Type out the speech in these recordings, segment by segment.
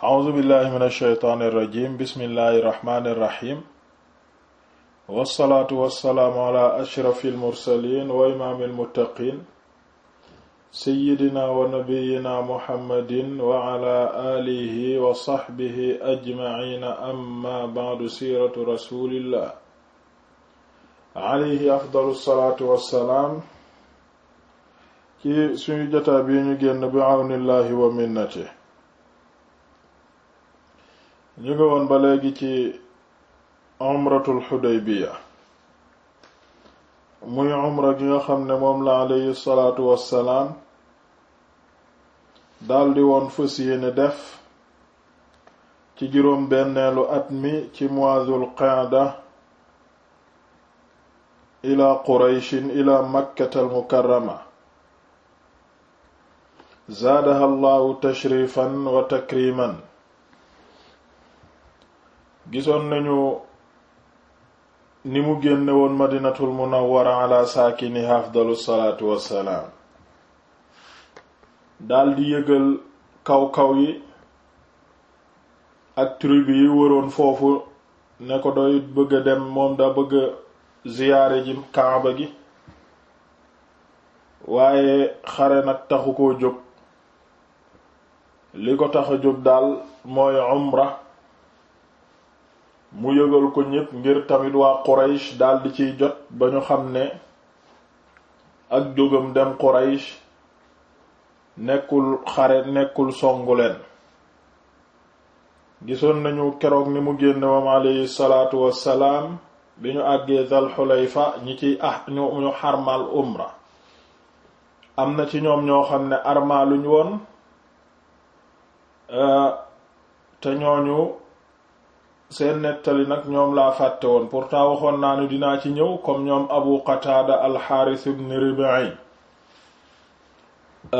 a'uuzu billahi min alsheytaan irrajim bismillahi irrahmani irrahim wassalaatu wassalaamu ala ashrafi almursalin wa imaami almuttaqin seyidina wa nabiyina muhammadin wa ala aalihi wa saxbihi ajmaciina amma bacdu siiratu rasulillah alayhi afdalu salaatu wassalaam ci suñu jotaa bi ñu génn bi awnillahi wa minnati ñu ngi woon ba léegi ci umratul Hudaybiya muy umra gi nga xam ne moom la alayhi salaatu wassalaam daldi woon fas yéene def ci juróom benneelu at mi ci mois dul qaada ila qurayshin ila makkatal mukarrama zaadaha allahu tashrifan wa takriman gisoon nañu ni mu génnewoon madinatul woon madinatul munawwara ala saakini afdalu salaatu wassalaam daldi yëgal kaw kaw yi ak tribu yi wëroon foofu ne ko doy bëgg dem moom da bëgg ziyaare ji kaaba gi waaye xare nag taxu ko jóg li ko tax a jóg daal mooy umra mu yëgal ko ñépp ngir tamit waa Quraysh daldi ciy jot ba ñu xam ne ak jógam dem Quraysh nekkul xare nekkul songu leen gisoon nañu keroog ni mu génn moom salaatu wassalaam bi ñu àggee Dal ñi ciy ah ñu xarmal umra am na ci ñoom ñoo xam ne armaaluñ woon euh, te ñooñu seen nettali nag ñoom laa fàtte woon pourtant waxoon naa ne dinaa ci ñëw comme ñoom abu qataada alxaaris ibn rib'i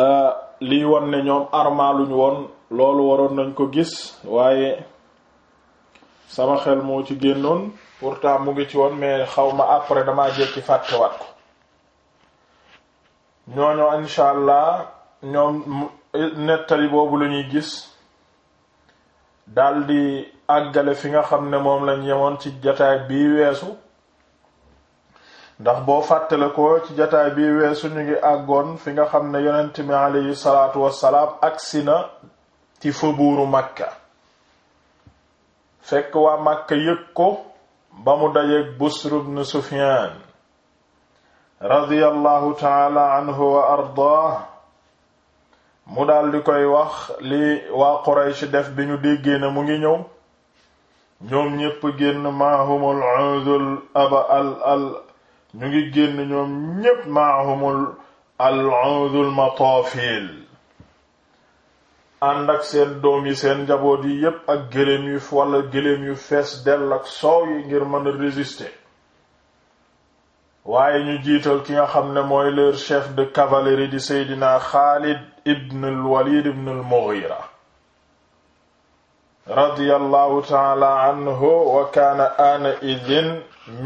euh, lii woon ne ñoom armaaluñu woon loolu waroon nañ ko gis waaye sama xel moo ci génnoon pourtant mu ngi ci woon mais xaw ma après damaa jekki fàttewaat ko ñooñu incha allah ñoom nettali boobu la ñuy gis daldi àggale fi nga xam ne moom lañ yemoon ci jataay bii weesu ndax boo fàttale ko ci jataay bii weesu ñu ngi àggoon fi nga xam ne yonent mi aleyhi salaatu wassalaam agsi na ci faubourgu Makka fekk waa Makka yëg ko ba mu dajeeg Busr ibn Sufyaan radiyallahu taala anhu wa ardaah mu daldi koy wax li waa Quraysh def bi ñu déggee na mu ngi ñëw ñoom ñépp génn maahumul udul aba al al ñu ngi génn ñoom ñépp maahumul al udul matafil ànd ak seen doom yi seen njaboot yi yépp ak gëléem yu walla gëléem yu fees dell ak soow yi ngir mën a waaye ñu jiital ki nga xam ne mooy leur chef de cavalerie di Seydina Khalid ibn al-Walid ibn al-Mughira ta'ala anhu wa kaana aana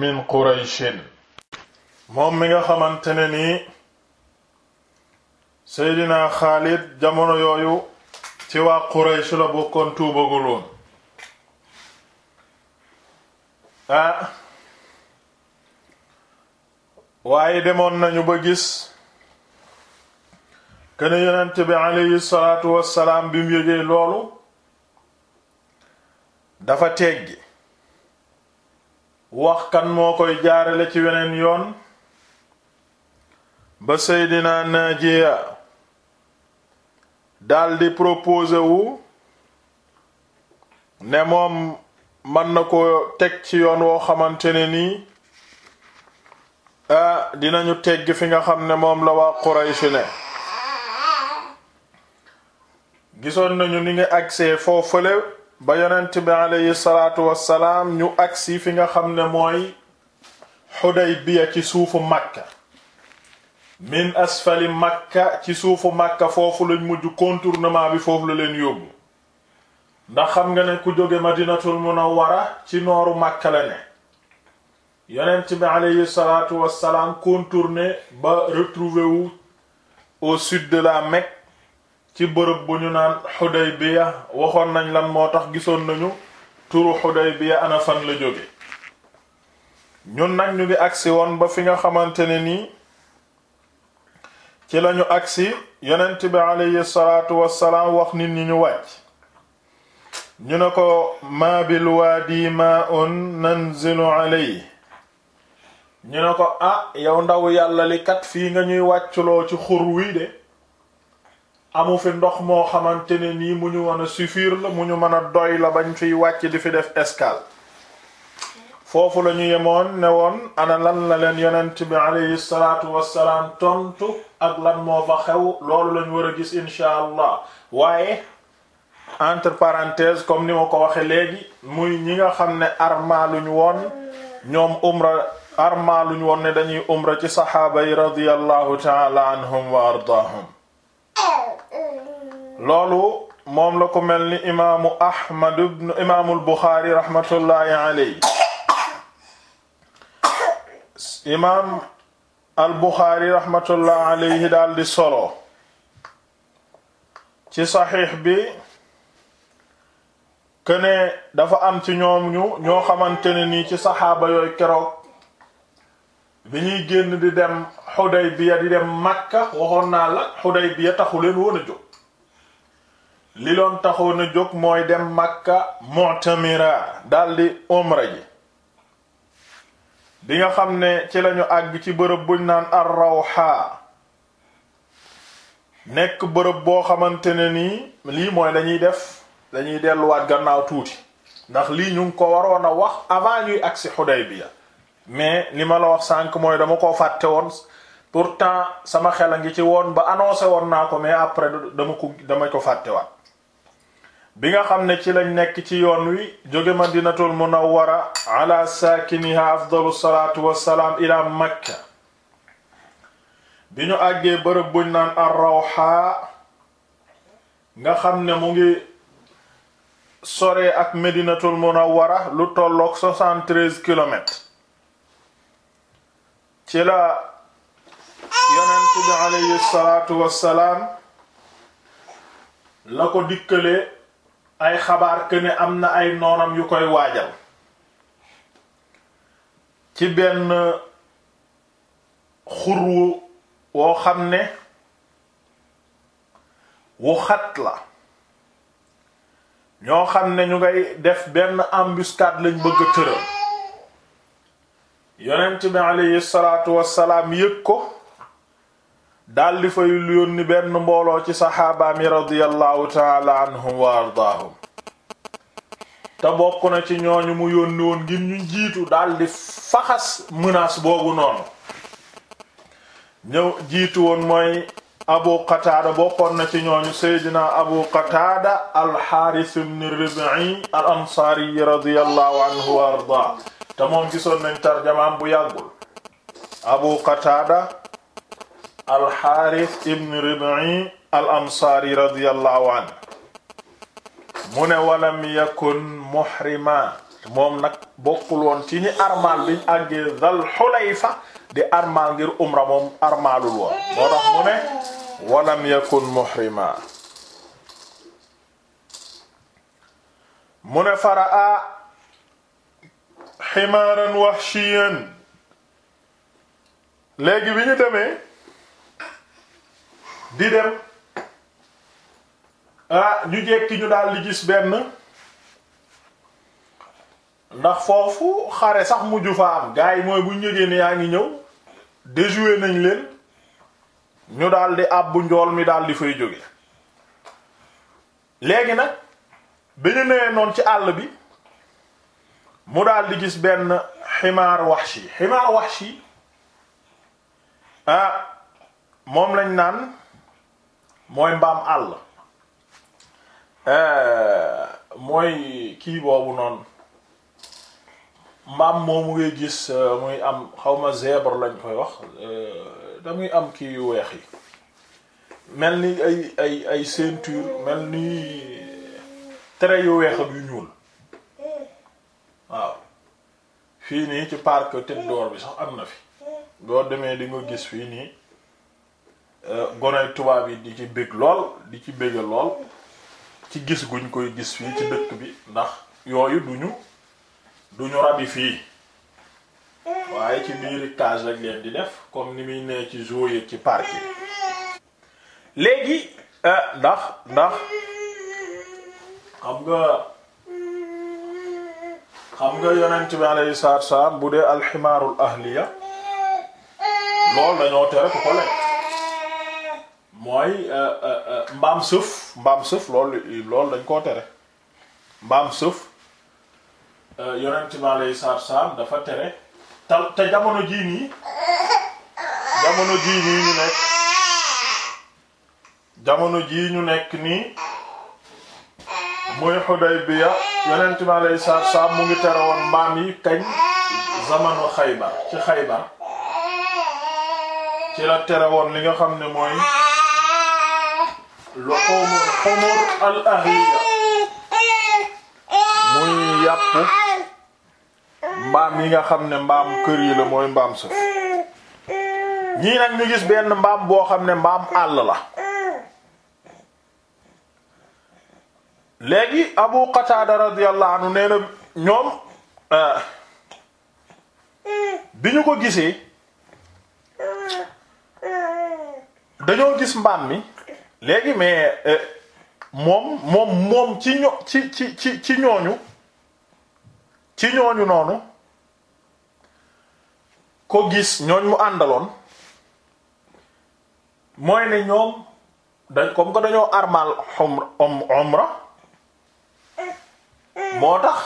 min Qurayshin moom mi nga xamante ne nii Seydina jamono yooyu ci waa Quraysh la bokkoon tuubagul woon ah waaye demoon nañu ba gis kene yonent bi aleyhi salaatu wassalaam bi mu loolu dafa teggi wax kan moo koy jaarale ci weneen yoon ba Seydina Naajiya daldi proposé wu ne moom mën na ko teg ci yoon woo xamante ne nii ah dinañu tegg fi nga xam ne moom la waa Quraysh ne gisoon nañu ni nga agsee foofale ba yonent bi aleyhi salaatu wassalaam ñu agsi fi nga xam ne mooy Xudaybiya ci suufu Makka min asfali Makka ci suufu Makka foofu lañu mujj contournement bi foofu la leen yóbbu ndax xam nga ne ku jóge ma a Munawwara ci nooru Makka la ne yonent bi aleyhi salaatu wassalaam contourné ba retrouvé wu au sud de la Mecque ci bërëb bu ñu naan Xudaybiya waxoon nañ lan moo tax gisoon nañu turu Xudaybiya ana fan la jóge ñun nag ñu ngi agsi woon ba fi nga xamante ne nii ci lañu agsi yonent bi alayhi salaatu wassalaam wax nit ñi ñu wàcc ñu ne ko maa bil waadi maa'un nanzilu yi ñu ne ko ah yow ndaw yàlla li kat fii nga ñuy wàcculoo ci xur wi de amu fi ndox moo xamante ne nii mu ñu mën a suffire mu ñu mën a doy la bañ fiy wàcc di fi def escale foofu la ñu yemoon ne woon ana lan la leen yonent bi aleyhi salaatu wassalaam tontu ak lan moo fa xew loolu lañu war a gis incha allah waaye entre parenthèses comme ni ma ko waxe léegi muy ñi nga xam ne arma luñ woon ñoom umra arma woon ne dañuy umra ci saxaaba yi radiyallahu taala anhum wa ardaahum loolu moom la ko mel ni imaamu Ahmad ibn imaamul Buxaari rahmatullahi alayhi imaam al Buxaari rahmatullahi alayhi daal di solo ci saxiix bi këne dafa am ci ñoom ñu ñoo xamante ne nii ci saxaaba yooyu keroog. bi ñuy génn di dem Xudaybiya di dem Makka waxoon naa la Xudaybiya taxu leen woon a jóg li loon taxoon a jóg mooy dem màkka Mu'tamira daldi umra ji bi nga xam ne ci lañu àgg ci bërëb buñ naan Ar-Rawha nekk bërëb boo xamante ne nii lii mooy lañuy def dañuy delluwaat gannaaw tuuti ndax lii ñu ngi ko waroon a wax avant ñuy agsi Xudaybiya mais li ma la wax sànq mooy dama ko fàtte woon pourtant sama xel a ngi ci woon ba annoncé woon naa ko mais après dama ko dama ko fàttewaat bi nga xam ne ci lañ nekk ci yoon wi jóge ma madinatul munawwara ala saakiniha afdalu salaatu wassalaam ila makka bi ñu àggee bërëb buñ naan ar-Rawha nga xam ne mu ngi sore ak madinatul munawwara lu tolloog 73 kilomètres ci la yonent bi alayhi salaatu wassalaam la ko dikkale ay xabaar que ne am na ay noonam yu koy waajal ci benn xurwu woo xam ne wu xat la ñoo xam ne ñu ngay def benn embuscade lañ bëgg a tëral yonent bi aleyhi salaatu wassalaam yëg ko daldi fay lu yónni benn mbooloo ci saxaaba mi radiyallahu taala anhum wa ardaahum te bokk na ci ñooñu mu yónni woon ngir ñu jiitu daldi faxas menace boobu noonu ñëw jiitu woon mooy abu qataada bokkoon na ci ñooñu seydina abu qataada alxaaris ibn ribii al ansaari radiyallahu anhu wa ardaa te moom gisoon nañ tarjamaam bu yàggul abu qataada alxaaris ibn ribii al ansaari radiyallahu anhu mu ne walam yakun muhrima moom nag bokkul woon ci ñi armal biñ àggee dal xulayfa di armal ngir umra moom armalul woon moo tax mu ne walam yakun muhrima mu ne faraa ximaaran wahshiyan léegi bi ñu demee di dem ah ñu jekki ñu daal di gis benn ndax foofu xare sax mujj fa am gars mooy bu ñu yaa ngi ñëw déjoué nañ leen ñu daldi àbbu njool mi daldi fay jóge léegi nag bi ñu newee noonu ci àll bi mu daldi gis benn ximaar waxshi ximaar waxshi ah, moom lañ naan mooy mbaam àll eh, mooy kii boobu noonu mbaam moomu ngay gis eh, muy am xawma zèbre lañ koy wax eh, da am kii yu weex yi mel ni ay ay ay ceinture mel ni tere yu weex ak yu ñuul waaw fii nii ci parc Tête bi sax am na fi boo demee di nga gis fii nii euh, gonay tubaab yi di ci bëgg lool di ci bëgg lool ci gis guñ koy gis fii ci dëkk bi ndax yooyu duñu duñu rabi fii waaye ci biir cage lañ leen di def comme ni muy nee ci zoo yi ci parc yi léegi euh, ndax ndax xam nga xam nga yonent bi alayhi salaatu bu dee alximaarul ahliya loolu dañoo tere ku ko mooy euh, euh, mbaam sëf mbaam sëf loolu loolu dañ koo tere mbaam sëf yonent bi alayhi salaatu dafa tere te te jamono jii nii jamono jii nii ñu nekk jamono jii ñu nekk nii muy Xudaybiya yonent mi alayhi salaatu salaam mu ngi tere woon mbaam yi kañ zamanu Xaybar ci xayma ci la tere woon li nga xam ne mooy lu xumur xumur al ahliya muy yàpp mbaam yi nga xam ne mbaam kër yi la mooy mbaam sëf ñii nag ñu gis benn mbaam boo xam ne mbaam àll la léegi Abu Qatada radiyallahu anhu nee na ñoom euh, bi ñu ko gisee dañoo gis mbaam mi léegi mais euh, moom moom moom ci ño ci ci ci ci ñooñu ci ñooñu noonu ko gis ñooñ mu àndaloon mooy ne ñoom dañ comme que dañoo armal om omra um-, moo tax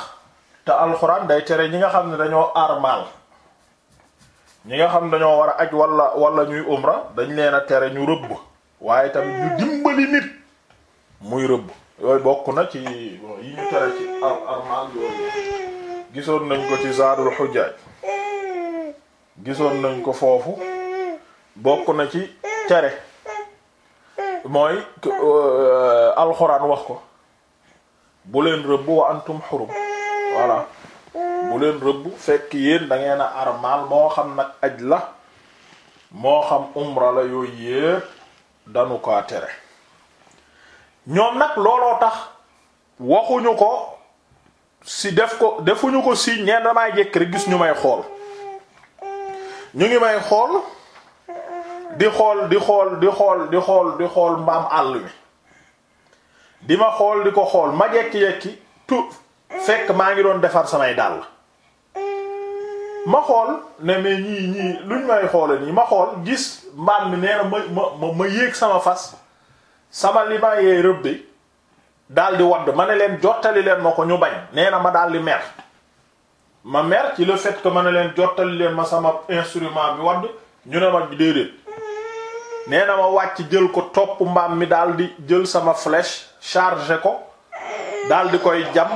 te alxuraan day tere ñi nga xam ne dañoo armal ñi nga xam ne dañoo war aj wala wala ñuy umra dañ leen a tere ñu rëbb waaye tamit ñu dimbali nit muy rëbb yooyu bokk na ci yi ñu tere ci armal yooyu gisoon nañ ko ci zaadul xujjaaj gisoon nañ ko foofu bokk na ci tere mooy euh, alxuraan wax ko bu leen rëbb wa antum xurum voilà bu leen rëbb fekk yéen da a armaal moo xam nag aj la moo xam umra la yooyu yépp danu kaa tere ñoom nag looloo tax waxuñu ko si def ko defuñu ko si ñeen damay jekk rek gis ñu may xool ñu ngi may xool di xool di xool di xool di xool di xool mbaam àll mi di ma xool di ko xool ma jekki-jekki tu fekk maa ngi doon defar samay dàll ma xool ne mais ñii ñii luñ may xoole nii ma xool gis mbaam mi nee na ma ma ma yéeg sama fas sama li ma yee rëbbi daal di wadd ma ne leen jottali leen ma ko ñu bañ nee na ma daal di mer ma mer ci le fait que ma ne leen jottali leen ma sama instrument bi wadd ñu ne ma déedéet nee na ma wàcc jël ko topp mbaam mi daal di jël sama flèche chargé ko daal di koy jam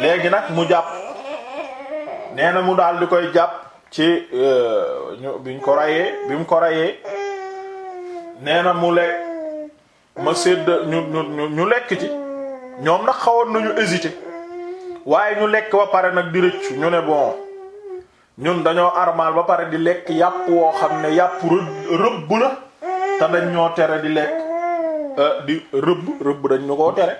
léegi nag mu jàpp nee na mu daal di koy jàpp ci euh, ñu biñ ko rayee bi mu ko rayee nee na mu lekk ma sédd ñu ñu ñu lekk ci ñoom nag xawoon nañu hésiter. waaye ñu lekk ba pare nag di rëccu ñu ne bon ñun dañoo armal ba pare di lekk yàpp woo xam ne yàpp rëbb la te dañ ñoo tere di lekk eh, di rëbb rëbb dañ ñu koo tere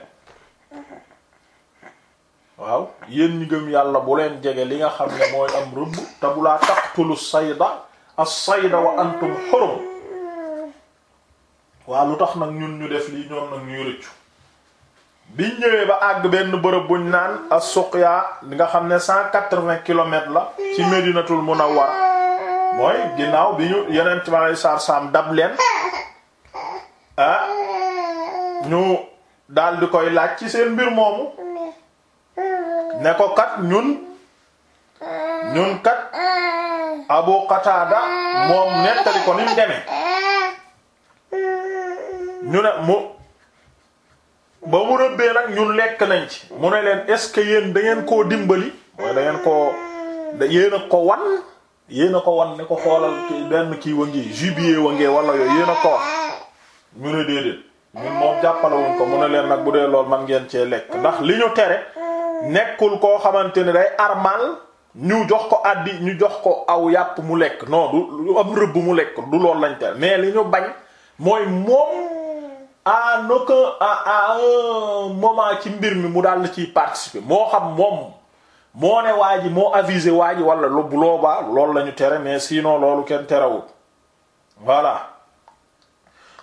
waaw yéen ñi gëm yàlla bu leen jege li nga xam ne mooy am rëbb te bu laa taqtulu sayda as-sayda wa antum xurum waa lu tax nag ñun ñu def lii ñoom nag ñuy rëccu biñ ñëwee ba àgg benn bërëb buñ naan as-Suqya li nga xam ne cent quatre-vingts kilomètres la ci Medinatul Munawwar mooy ginnaaw bi ñu yeneen ci ma sar sam dab leen ah, ñu daldi koy laaj ci seen mbir moomu ne ko kat ñun ñun kat Abu Qatada moom nettali ko ni mu demee ñu ne mu ba mu rëbbee nag ñun lekk nañ ci mu ne leen est-ce que yéen da ngeen koo dimbali mooy da ngeen koo da yéen a ko wan yéen a ko wan ne ko xoolal benn ki wa ngi gibier wa ngi wala yooyu yéen a ko wax ñu ne déedéet ñun moom jàppale ko mu ne leen nag bu dee lool man ngeen cee lekk ndax li ñu tere nekkul koo xamante ne day armal ñu jox ko àddi ñu jox ko aw yàpp mu lekk non du am rëbb mu lekk du loolu lañ tere mais li ñu bañ mooy moom à aucun à un ci mbir mi mu daal la ci participer moo xam moom moo ne waa ji moo avisé waa ji wala lu boobaa loolu la ñu tere mais sinon loolu kenn terewul voilà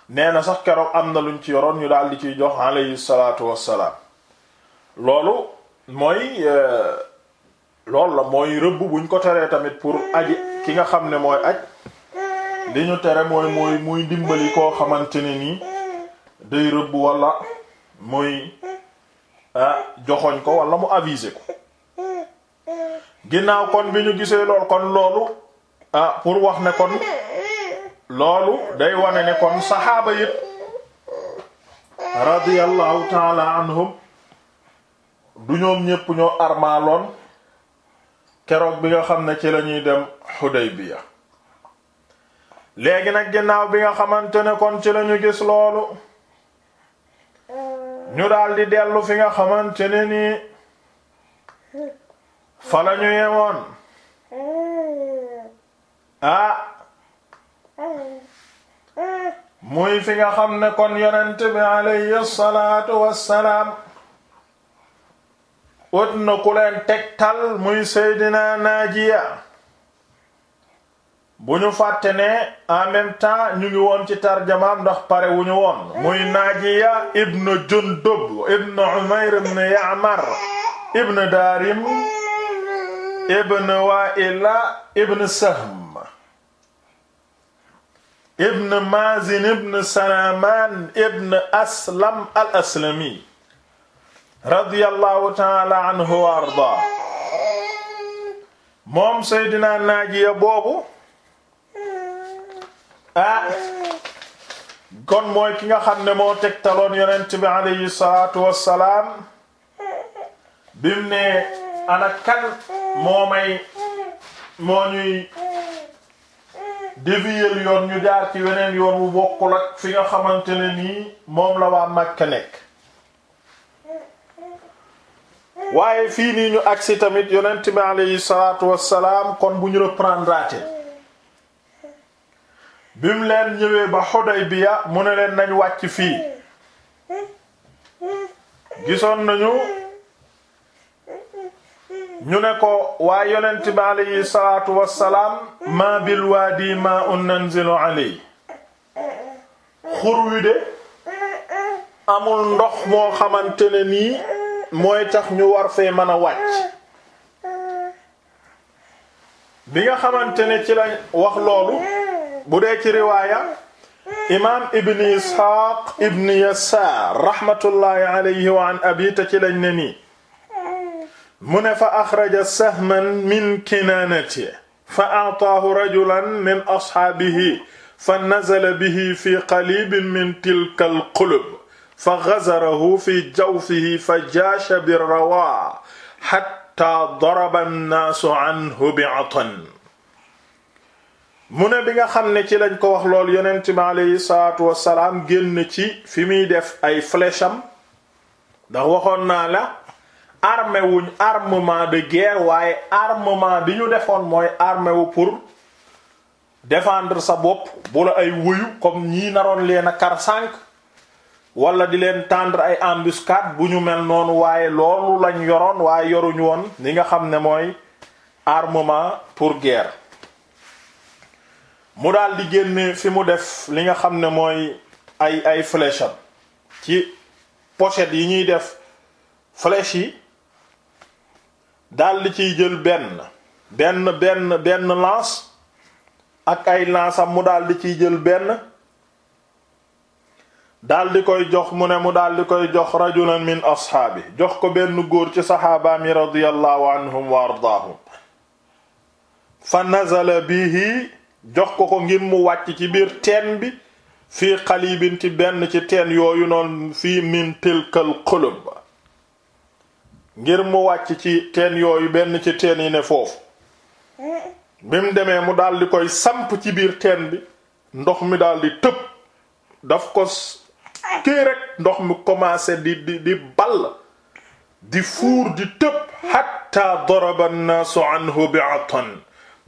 nee na sax keroog am na luñ ci yoroon ñu daal di ciy jox alayhi salaatu wassalaam loolu mooy euh, loolu la mooy rëbb buñ ko teree tamit pour aji ki nga xam ne mooy aj li ñu tere mooy mooy muy dimbali koo xamante ne nii. day rëbb wala muy ah, joxoñ ko wala mu aviser ko ginnaaw kon bi ñu gisee lool kon loolu ah pour wax ne kon loolu day wane ne kon saxaaba yépp radiyallahu taala anhum du ñoom ñépp ñoo armaaloon keroog bi nga xam ne ci la ñuy dem Xudaybiya léegi nag ginnaaw bi nga xamante ne kon ci lañu gis loolu ñu daldi dellu fi nga xamante ne nii fa la ñu yemoon ah. muy fi nga xam ne kon yonent bi alayhi salaatu wassalaam ut na ku leen tegtal muy Seydina Naajiya bu ñu fàtte ne en même ñu ngi woon ci tarjamaam ndax pare wu ñu woon muy Naajiya ibn Jundub ibn Umayr ibn Ya'mar ibn Daarim ibn Wa'ila ibn Sahm ibn Mazin ibn Salaman ibn Aslam al-Aslami radiyallahu ta'ala anhu wa arda moom Seydina Naajiya boobu Ah. kon mooy ki nga xam ne moo tegtaloon yonent bi alayhi salaatu wassalaam bim ne ana moo may moo ñuy dévier yoon ñu jaar ci weneen yoon wu bokkul ak fi nga xamante nii moom la waa Makka nekk waaye fii nii ñu agsi tamit yonent bi alayhi salaatu wassalaam kon bu ñu reprendre bi mu leen ñëwee ba Xudaybiya mu ne leen nañ wàcc fii gisoon nañu ñu ne ko waa yonent bi aleyhi salaatu wassalaam ma bil waadi ma xur wi de amul ndox moo xamante nii mooy tax ñu war fee mën a wàcc bi nga xamante ne ci la wax loolu bu dee ci riwaaya imaam ibn isxaaq ibn yasaar raxmatullaahi alayhi wa an abi ta ci lañ ne nii mu ne fa axraja sahman min kinaanati fa aataahu rajulan min asxaabihi fa nazala bihi fi qalibin min tilka alqulub fa gazarahu fi jawfihi fa jaasha birrawaa xatta daraba annaasu anhu bi'atan mu ne bi nga xam ne ci lañ ko wax loolu yonent bi aleyhi salaatu wasalaam génn ci fi muy def ay flèche am ndax waxoon naa la armé wuñ armement de guerre waaye armement bi ñu defoon mooy armé pour defendre sa bopp bu la ay wuyu comme ñii naroon leen a kar sànq wala di leen tendre ay embuscade bu ñu mel noonu waaye loolu lañ yoroon waaye yoruñ woon li nga xam ne mooy armement pour guerre mu daal di génne fi mu def li nga xam ne mooy ay ay flèche ci pochette yi ñuy def flèche yi daldi di ciy jël benn benn benn benn lance ak ay lance mu daal di ciy jël benn daal koy jox mu ne mu daal di koy jox rajulan min ashaabi jox ko benn góor ci saxaabaami radiyallahu anhum wa ardaahum fa nazala bihi jox ko ko ngir mu wàcc ci biir teen bi fi xalibin ci benn ci teen yooyu noonu fii min tilkal xulub ngir mu wàcc ci teen yooyu benn ci teen yi ne foofu bi mu demee mu daldi koy samp ci biir teen bi ndox mi daldi tëb daf ko kii rek ndox mi commencé di di di bal di fuur di tëb hatta daraba an-naasu anhu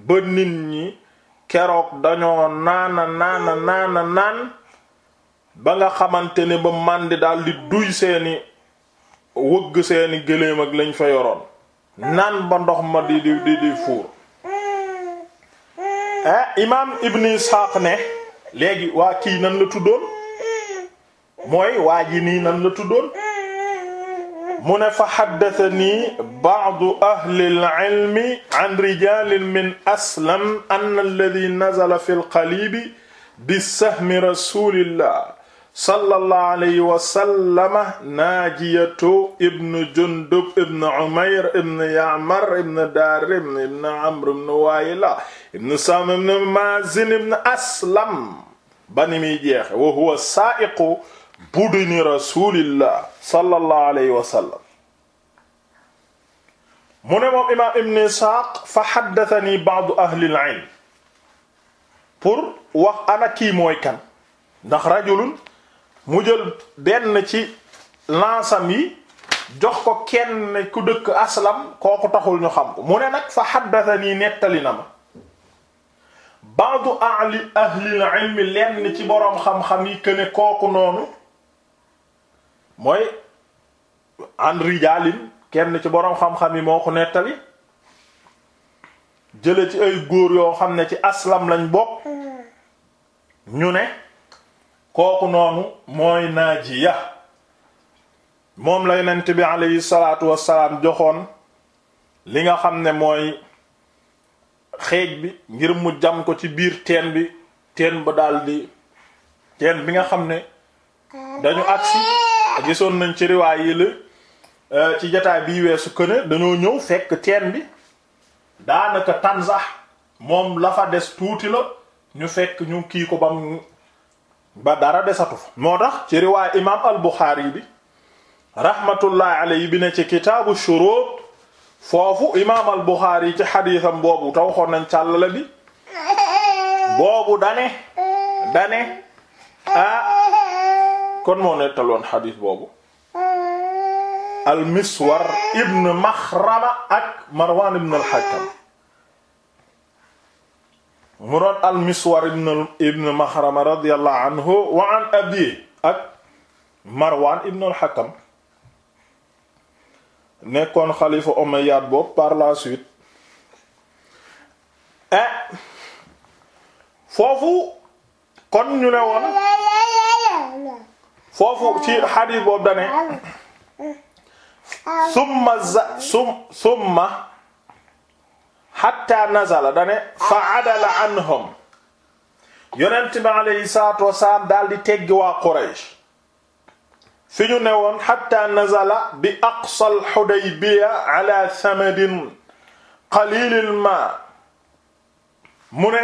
ba nit ñi keroog dañoo naana naana naana naan ba nga xamante ne ba màndi daldi duy seeni wëgg seeni gëléem ak lañ fa yoroon naan ba ndox ma di di di fuur eh Ibn Ishaq ne léegi waa kii nan la tuddoon mooy waa ji nii nan la tuddoon mu ne fa haddathanii ba'du ahlil ilmi an rijalin min aslam anna alladhi nazala fil qalibi bisahmi rasulillah sallallahu alayhi wa sallam naajiyatu ibn jundub ibn umayr ibn ya'mar ibn daarim ibn amr ibn waayila ibn sam ibn mazin ibn aslam ba ni muy jeexe wa huwa saa'iqu budini rasulillah sallallahu alayhi wa sallam mu ne moom imaam ibn Isxaaq fa xaddatani baadu ahlil ilm pour wax ana kii mooy kan ndax rajulun mu jël benn ci lansam yi jox ko kenn ku dëkk aslam kooku taxul ñu xam ko mu ne nag fa xaddatani nettali na ma baadu ahli ahlil ilm lenn ci borom xam-xam yi que kooku noonu mooy an rijalin kenn ci boroom xam-xam yi moo ko nettali jële ci ay góor yoo xam ne ci aslam lañ bokk ñu ne kooku noonu mooy ya moom la yonent bi alayhi salaatu wassalaam joxoon li nga xam ne mooy xeej bi ngir mu jam ko ci biir teen bi teen ba daldi teen bi nga xam ne dañu agsi gisoon nañ ci riwaay yi la euh, ci jataay biy weesu këne dañoo ñëw fekk teen bi daanaka tansax moom lafa des tuuti la ñu fekk ñu kiiko ko bam ba dara desatu fa moo tax ci riwaay imaam al-Bukhari bi rahmatullah alayhi bi ne ci kitaabu shurut foofu imaam al-Bukhari ci xadiisam boobu te waxoon nañ bi boobu dane dane ah kon moo nettaloon xadiis boobu al miswar ibn maxrama ak marwan ibn al hakam mu doon al miswar ibn ibn maxrama radiyallahu anhu wa abi ak marwan ibn al hakam nekkoon xalifa omeyyade boobu par la suite eh, foofu kon ñu ne woon foofu ci xadiis boobu dane summa za sum summa hatta nazala dane fa daal di teggi waa Quraysh fi ñu ne woon hatta nazala bi aqsal Hudaybiya ala samadin qalilil ma mu ne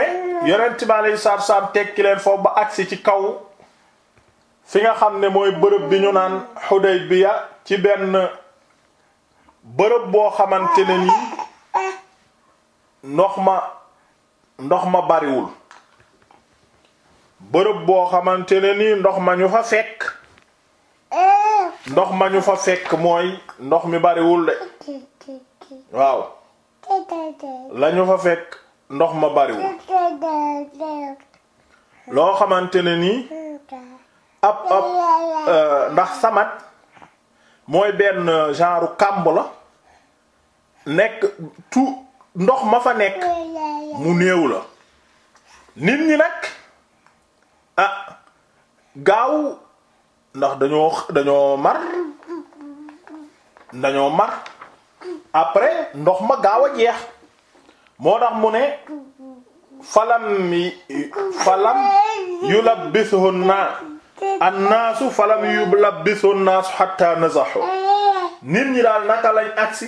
yonent bi alayhi salaatu wasalaam tekki ci kaw fi nga xam ne mooy bërëb bi ñu naan bi Xudaybiya ci benn bërëb boo xamante ne nii ndox ma ndox ma bariwul bërëb boo xamante ne nii ndox ma ñu fa fekk ndox ma ñu fa fekk mooy ndox mi bariwul de waaw lañu fa fekk ndox ma bariwul loo xamante ne ab ab euh, ndax samat mooy benn euh, genre kàmb la nekk tu ndox ma fa nekk mu néew la nit ñi nag ah gaaw ndax dañoo dañoo mar dañoo mar après ndox ma gaaw a jeex moo tax mu ne falam falam yulabbisuhunna annaasu falam yulabbisu annaasu xatta nazahu nit ñi daal naka lañ agsi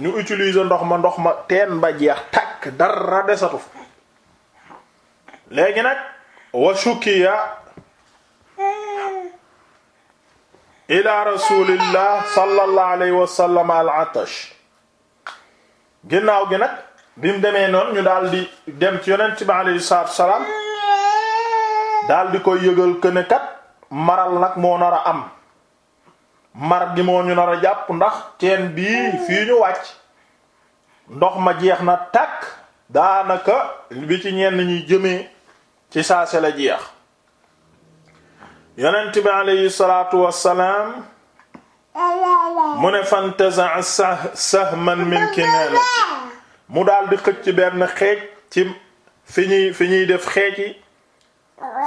ñu utilise ndox ma ndox ma teen ba jeex takk dara desatu fa léegi nag wa shukiya ila rasulillah sallallahu alayhi wa sallam al atash ginnaaw gi nag bi demee noonu ñu daal di dem ci yonent bi alayhi salaatu salaam daldi di koy yëgal que ne kat maral nag moo nar a am mar gi moo ñu nar a jàpp ndax teen bii fii ñu wàcc ndox ma jeex na tàkk daanaka bi ci ñenn ñuy jëmee ci saa se la jeex yonent bi aleyhi salaatu wassalaam mu ne fantaza sahman min kinana mu daal xëcc benn xeej ci fi ñuy fi ñuy def xeej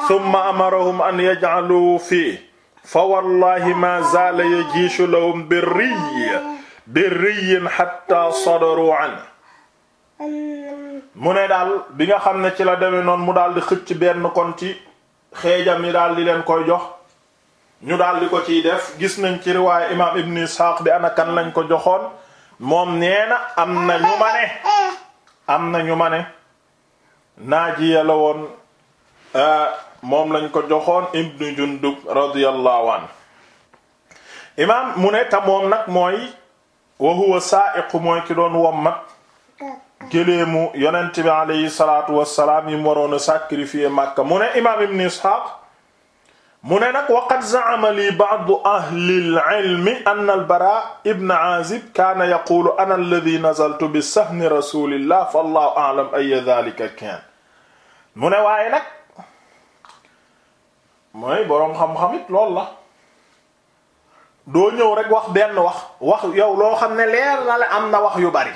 summa amarahum an yaj'aluhu fii fa wallahi ma zaala yajiishu lahum bi riy bi hatta sadaru an mu ne daal bi nga xam ne ci la deme noon mu daal di xëcc benn kon ci xeejam yi daal di leen koy jox ñu daldi ko ci def gis nañ ci riwaayu imaam Ibn Ishaq bi ana kan lañ ko joxoon moom nee am na ñu ma ne am naajiya la Euh, moom lañ ko joxoon ibnu jundub radiyallahu an imaam mu ne ta moom nag mooy wa huwa saa'iqu mooy ki doon wommat géléemu yonent bi aleyhi salaatu wassalaam yi mu waroon a sacrifier Makka mu ne imaam ibn Isxaaq mu ne nag wa qad za'ama li ba'du ahli al-ilmi anna al-Baraa ibn Aazib kaana yaquulu ana alladhi nazaltu bi sahni rasulillah fallahu a'lam ay dhalika kaan mu ne waaye nag mooy boroom xam-xamit lool la doo ñëw rek wax benn wax wax yow loo xam ne leer na la am na wax yu bari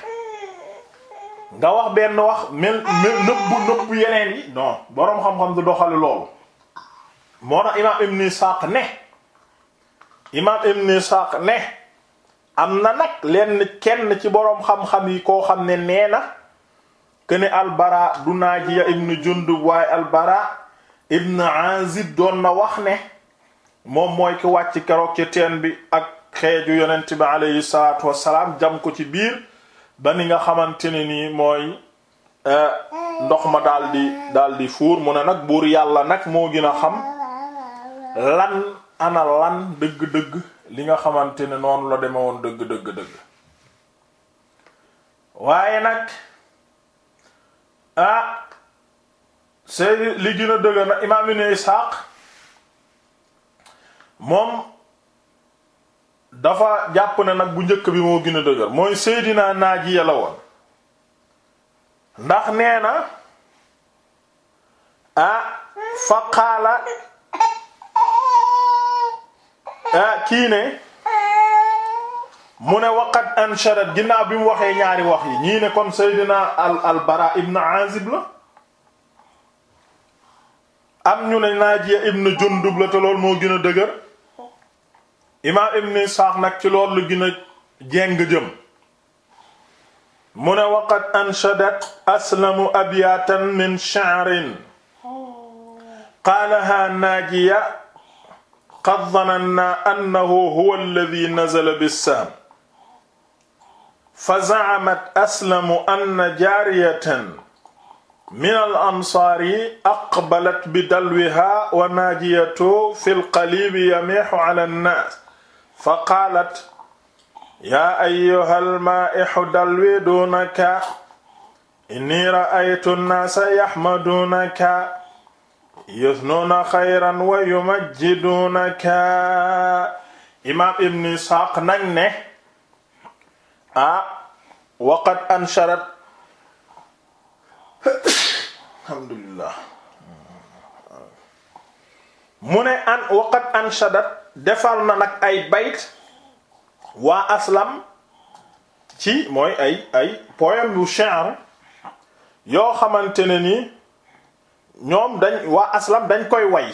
nga wax benn wax mel nëbbu nëbbu yeneen yi non boroom xam-xam du doxale loolu moo tax imaam ibn Isaaq ne imaam ibn Isaaq ne am na nag lenn kenn ci boroom xam-xam yi koo xam ne nee na këne albara du naajiya ibn Jundub waaye albara ibn Azib doon na wax ne moom mooy ki wàcc keroog ci teen bi ak xeeju yonent bi aleyhi salaatu wassalaam jam ko ci biir ba ni nga xamante ne nii mooy eh, ndox ma daldi daldi fuur mu ne nag buur yàlla nag moo gën a xam lan ana lan dëgg-dëgg li nga xamante ne noonu la deme woon dëgg-dëgg-dëgg waaye nag ah sey li gën a dëgër na imaam ibn Isxaaq moom dafa jàpp ne nag bu njëkk bi moo gën dëgër mooy Seydina Naajiya la woon ndax nee na ah fa qaala kii ne mu ne waqad ansharat ginnaaw bi mu waxee ñaari wax yi ñii ne kon Seydina al al Bara ibn Azib la am ñu ne Naajiya ibn Jundub la te loolu moo gën a dëgër imaam ibn Isxaaq nag ci loolu lu gën a jéng jëm mu ne waqad anshadat aslamu abyaatan min sha'rin qaalaha Naajiya qad dhananna annahu huwa alladhi nazala bis-Saam fa za'amat aslamu anna jaariyatan min al ansaari aqbalat bi dalwiha wa naajiyatu fi lqalibi yamiixu ala nnaas fa qaalat yaa ayyuha almaa'ixu dalwi duunaka inni ra'aytu nnaasa yaxmaduunaka yusnuuna xayran wa yumajjiduunaka imaam ibn isxaaq nag ne ah waqad ansharat alhamdulillah mu ne an waqat anshadat defar na nag ay bayt waa aslam ci mooy ay ay poème yu shi'r yoo xamante ne ni ñoom dañ waa aslam dañ koy way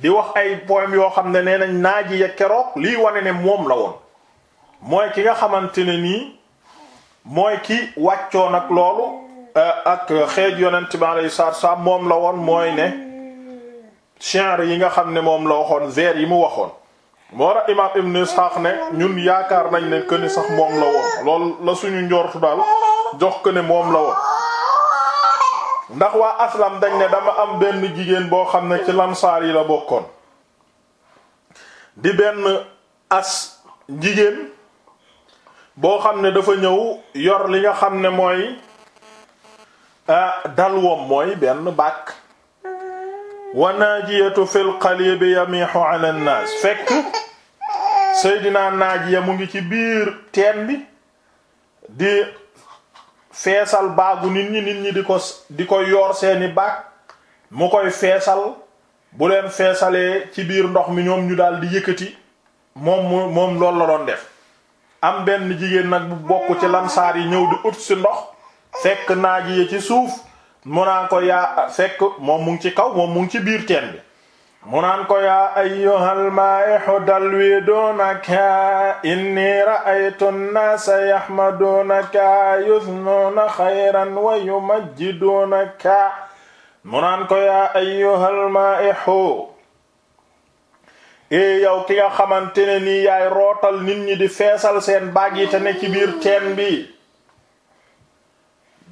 di wax ay poème yoo xam ne nee nañ naaji ya kerook liy wane ne moom la woon mooy ki nga xamante ne nii mooy ki wàccoon ak loolu Euh, ak xeej yonent bi alayhi salaatu salaam moom la woon mooy ne shi'r yi nga xam ne moom la waxoon vers yi mu waxoon moo tax imaam Ibn Ishaq ne ñun yaakaar nañ ne que ni sax moom la woon lool la suñu njortu daal jox que ne moom la woon ndax waa aslam dañ ne dama am benn jigéen boo xam ne ci lamsaar yi la bokkoon di benn as jigéen boo xam ne dafa ñëw yor li nga xam ne mooy Ah, dalwoom mooy benn baak wa naajiyatu fil qalibi yamihu ala an-nas fekk naaj Naajiya mu ngi ci biir teen bi di feesal baagu nit ñi nit ñi di ko di ko yor seeni baag mu koy feesal bu leen feesalee ci biir ndox mi ñoom ñu daal di yëkkati moom moom loolu la doon def am benn jigéen nag bu bokk ci lamsaar yi ñëw di ut si ndox fekk naaj yi ci suuf mu ko yaa fekk moom mu ci kaw moom mu ngi ci biir teen bi mu ko yaa ayyuhal maa'ihu dalwidunaka inni ra'aytu an ka yahmadunaka yuthnuuna xayran wa yumajjidunaka mu naan ko yaa ayyuhal maa'ihu ee eh, yow ki nga xamante ne yaay rootal nit ñi di feesal seen baag yi ci biir teen bi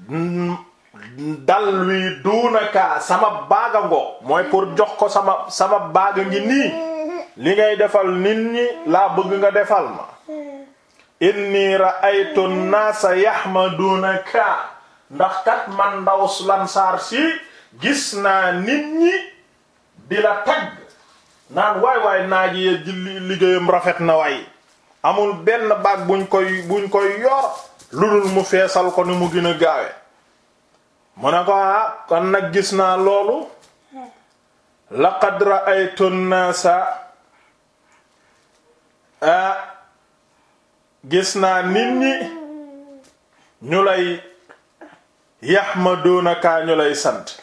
dal wi duunaka sama baaga ngoo mooy pour jox ko sama sama baaga ngi nii li ngay defal nit ñi laa bëgg nga defal ma inni ra'aytu an-naasa yahmadunaka ndax kat man ndaw lansaar si gis naa nit ñi di la tagg naan waay waay naaji ji liggéeyam rafet na waay amul benn baag buñ koy buñ koy yor lu dul mu feesal ko ni mu gën a gaawe mu ne ko ah kon nag gis naa loolu laqad ra'aytu an-naasa ah gis naa nit ñi ñu lay yaxmaduunaka ñu lay sant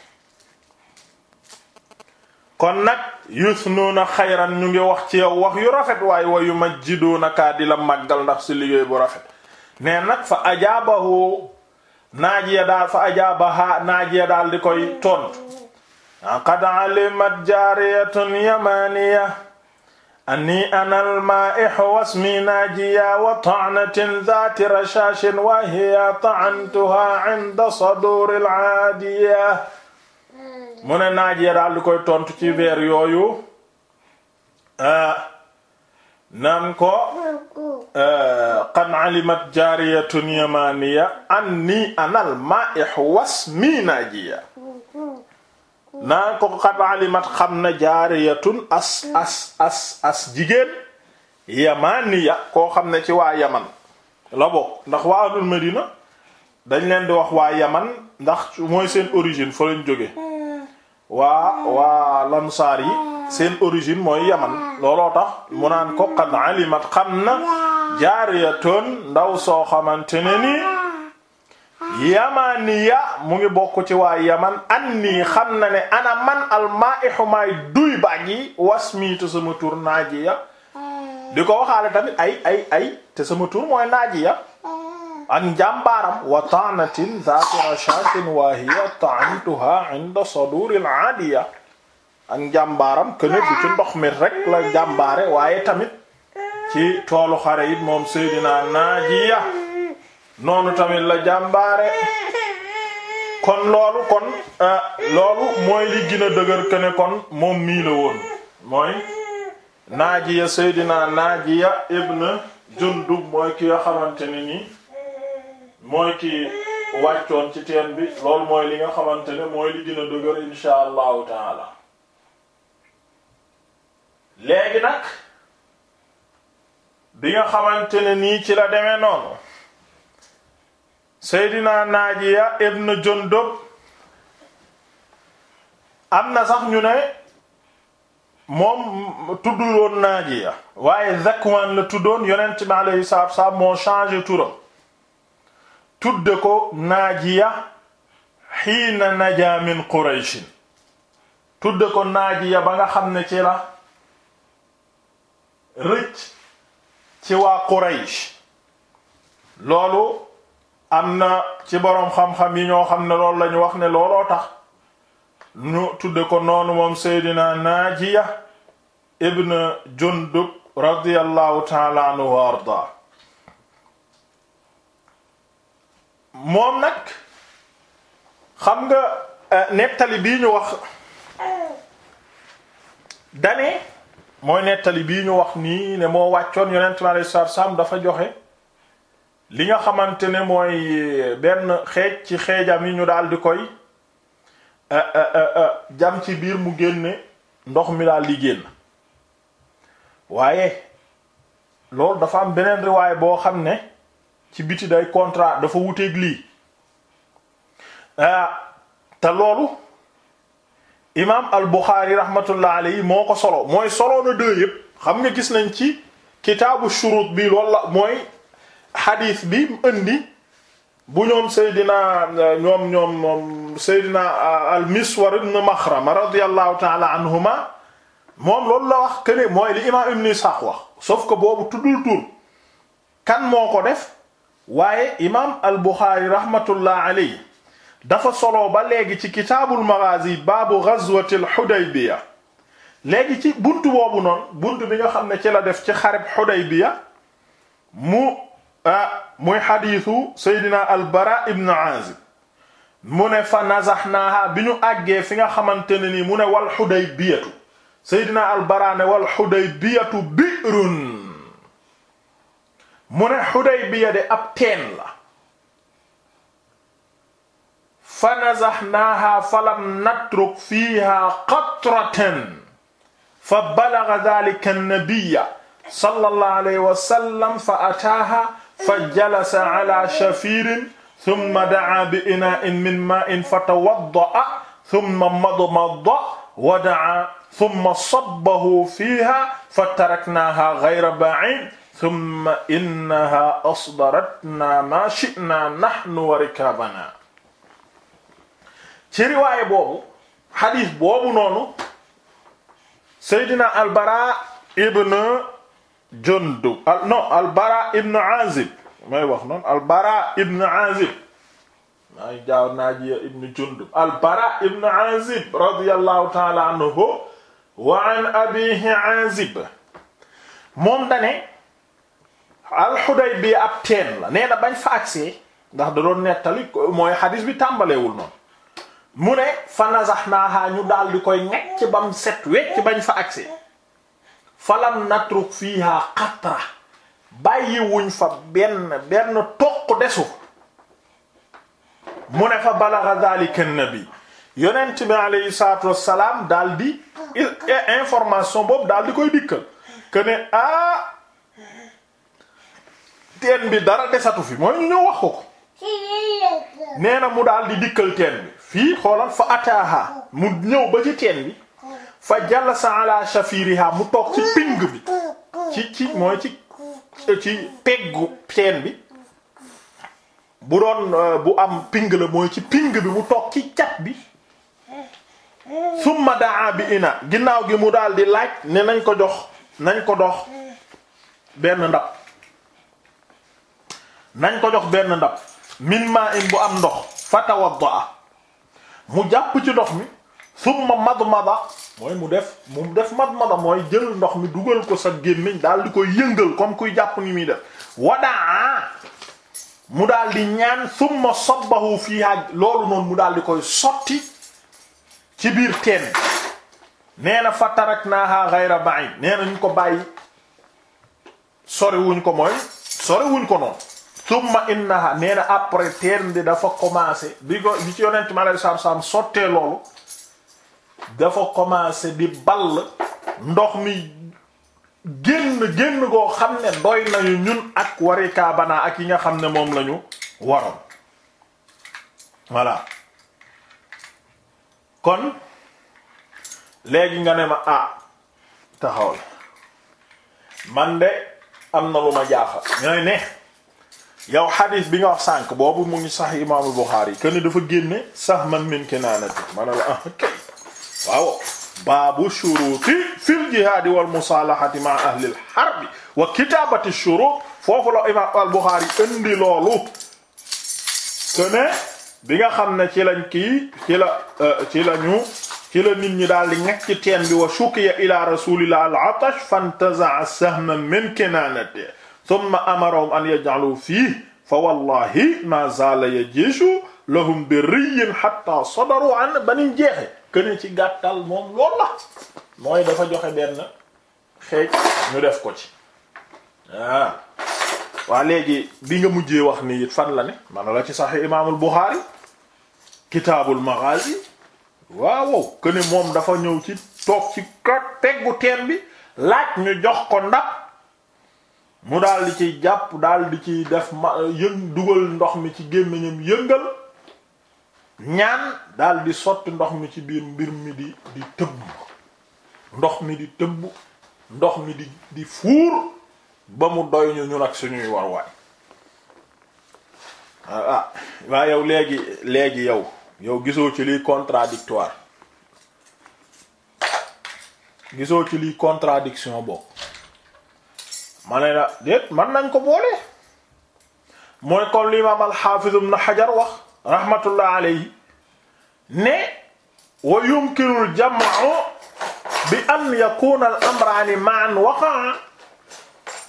kon nag yusnuuna xayran ñu ngi wax ci yow wax yu rafet waaye wa yumajjiduunaka di la màggal ndax ci liggéey bu rafet nee nag fa ajaabahu naajiya daal fa ajaabaha naajiya daal di koy tontu qad alimat jaariyatun yamaniya anni ana almaa'ihu wasmi naajiya wa ta'natin zaati rashaashin wa hiya ta'antuha 'inda saduuri al-'aadiya mu ne naajiya daal di koy tontu ci weer yooyu ah, naan ko eh, qad alimat jaariyatun yamaniya anni anal maih wasmi naajiya naan ko qad alimat xam na jaariyatun as as as as jigéen yamaniya koo xam ne ci waa yaman la bokk ndax waa ahlul madina dañ leen di wax waa yaman ndax mooy seen origine fa lañ jóge hmm. waa waa seen origine mooy yaman looloo tax mu naan ko qad alimat xam na jaariyatun ndaw soo xamante ne ni yamaniya mu ngi bokk ci waa yaman an xam na ne ana man almaihu maay duy baag yi wasmiitu sama tur naajiya di ko waxaale tamit ay ay ay te sama tur mooy naajiya ak njàmbaaram wa ta'natin zaati rashashin wa ta'antuha inda saduril aadiya ak njàmbaaram que ne ci ndox mi rek la jàmbaare waaye tamit ci toolu xare it moom Seydina Naajiya noonu tamit la jàmbaare kon loolu kon euh, loolu mooy li gën a dëgër que kon moom mii la woon mooy Naajiya Seydina Naajiya ibn Jundub mooy ki nga xamante ne nii mooy ki wàccoon ci teen bi loolu mooy li nga xamante ne mooy li gën dëgër insha allahu taala léegi nag bi nga xamante ne nii ci la demee noonu Seydina Naajiya ibn Jundub am na sax ñu ne moom tuddul woon Naajiya waaye Zakwaan la tuddoon yonent bi alayhi salaatu wa salaam moo changé turam tudde ko Naajiya hiina najaa min Quraysh tudde ko Naajiya ba nga xam ne ci rëcc ci waa Quraysh loolu am na ci boroom xam-xam yi ñoo xam ne loolu lañu wax ne looloo tax ñu tudd ko noonu moom Seydina Naajiya ibn Jundub radiyallahu taala anhu wa arda moom nag xam nga eh, nettali bi ñu wax dane mooy nettali bii ñu wax nii ne moo wàccoon yonent mi alayhi salaatu dafa joxe li nga xamante ne mooy eh, benn xeej ci xeejam yi ñu daal di koy eh, eh, jam ci biir mu génne ndox mi daal di génn waaye loolu dafa am beneen riwaay boo xam ne ci biti day contrat dafa wuteeg lii te loolu imaam al Buxaari rahmatullah alayhi moo ko solo mooy solo na deux yëpp xam nga gis nañ ci kitaabu shurut bi loolu la mooy hadith bi mu indi bu ñoom Seydina ñoom ñoom moom Seydina euh, al Miswar ibn Maxrama radiyallahu taala anhuma moom loolu la wax que ne mooy li imaam Ibn Ishaq wax sauf que boobu tuddul tur kan moo ko def waaye imaam al Buxaari rahmatullah alayhi dafa solo ba léegi ci kitaabul maghazi baabu ghazwatil hudaybiya léegi ci buntu boobu noonu buntu bi nga xam ne ci la def ci xareb hudaybiya mu ah, muy xadiisu seydina al bara ibn azib mu ne fa nazaxnaaha bi ñu àggee fi nga xamante ne ni mu ne wal xudaybiyatu seydina albara ne wal xudaybiyatu bi'run mu ne xudaybiya de ab teen la fa nazaxnaaha falam natruk fiiha qatratan fa balaga dalika annabiya sallallahu alayhi wa sallam fa ataaha fa jalasa ala shafiirin thumma da'aa bi inaa'in min maa'in fatawadda'a thumma madmada wa da'aa thumma sabbahu fiiha fataraknaaha ghayra ba'iid thumma innaha asdaratnaa maa shi'naa nahnu wa rikaabanaa ci riwaayé boobu xadiis boobu noonu seydina albara ibn jundub al non ibn azib may wax noonu albara ibn azib maa ngi jaaw naajiya ibn taala anhu wa an abihi azib moom dane alxudaybiya ab teen la nee bañ fa agsee ndax da doon nettali mooy xadiis bi tàmbaleewul noonu mu ne fa nazaxnaaha ñu daal di koy ngacc bam set wecc bañ fa agsi falam natruk fiiha qatra bàyyi fa benn benn toq desu mu ne fa balagha dhalika an bi yonent bi alayhi salaatu wassalaam daal di eh, information boobu daal di koy dikkal que ah teen bi dara desatu fi mooy ñu ñëw wax ko ko na mu daal di dikkal teen bi fii xoolal fa ataaha mu ñëw ba ci teen bi fa jalasa ala shafiriha mu toog ci ping bi ci ci mooy ci ci peggu teen bi bu doon euh, bu am ping la mooy ci ping bi mu toog ci cat bi summa daa bi ina ginnaaw gi mu daal di laaj ne nañ ko jox nañ ko dox benn ndab nañ ko jox benn ndab min ma in bu am ndox fatawadda mu jàpp ci ndox mi summa madmada mooy mu def mu def madmada mooy jël ndox mi dugal ko sa gémmiñ dal di koy yëngal comme kuy jàpp ni muy def wadaa mu daal di ñaan summa sabbahu fiha loolu noonu mu daal di koy sotti ci biir teen nee na fa taraknaha ghayra ba'id nee ñu ko bàyyi sori wuñ ko mooy sori wuñ ko noonu summa innaha nee na après terme bi dafa commencé bi ko bi ci yonent mi alei satu salaam sottee loolu dafa commencé di ball ndox mi génn génn koo xam ne doy nañu ñun ak warikaa banaa ak yi nga xam ne moom lañu waroon voilà kon léegi nga ne ma ah taxaw la man de am na lu ma jaaxal ñooy ne yow xadis bi nga wax sànq boobu mu ngi sax imaamu Buxaari que ne dafa génne sahman min kinaanati ma ne la ah kay waaw baabu shuruuti fil jihaadi wal musaalahati ma ahlil harbi wa kitaabati shuruut foofu la imaam al Buxaari nga xam ne ci lañ kii ci la euh, ci la nit ñi daal di ñàkk ci teen bi wa shukiya ila rasulillah al atash fantaza'a sahman min kinaanati thumma amarahum an yaj'alu fiihi fa wallahi ma zaala yajiishu lahum bi riyin hatta sadaru an banim jeexe kene ci gàttal moom loolu la mooy dafa joxe benn xeej ñu def ko ci ah. waa léegi bi nga mujjee wax ni it fan la ne mana la ci saxi imaamul Buxaari kitaabul Maghaazi waaw kene moom dafa ñëw ci toog ci ka teggu teen bi laaj ñu jox ko ndax mu daal di ci jàpp daal di ci def ma yëng dugal ndox mi ci gémmiñam yëngal ñaan daal di sotti ndox mi ci biir mbir mi di di tëbb ndox mi di tëbb ndox mi di di fuur ba mu doy ñu ñun ak suñuy war ah, ah, waay waa yow léegi léegi yow yow gisoo ci liy contradictoire gisoo ci liy contradiction bokk ma ne la man nañ ko boole mooy comme l'imam al-Hafiz ibn Hajar wax rahmatullah alayhi ne wa yumkinu al-jam'u bi an yakuna al-amrani ma'an waqa'a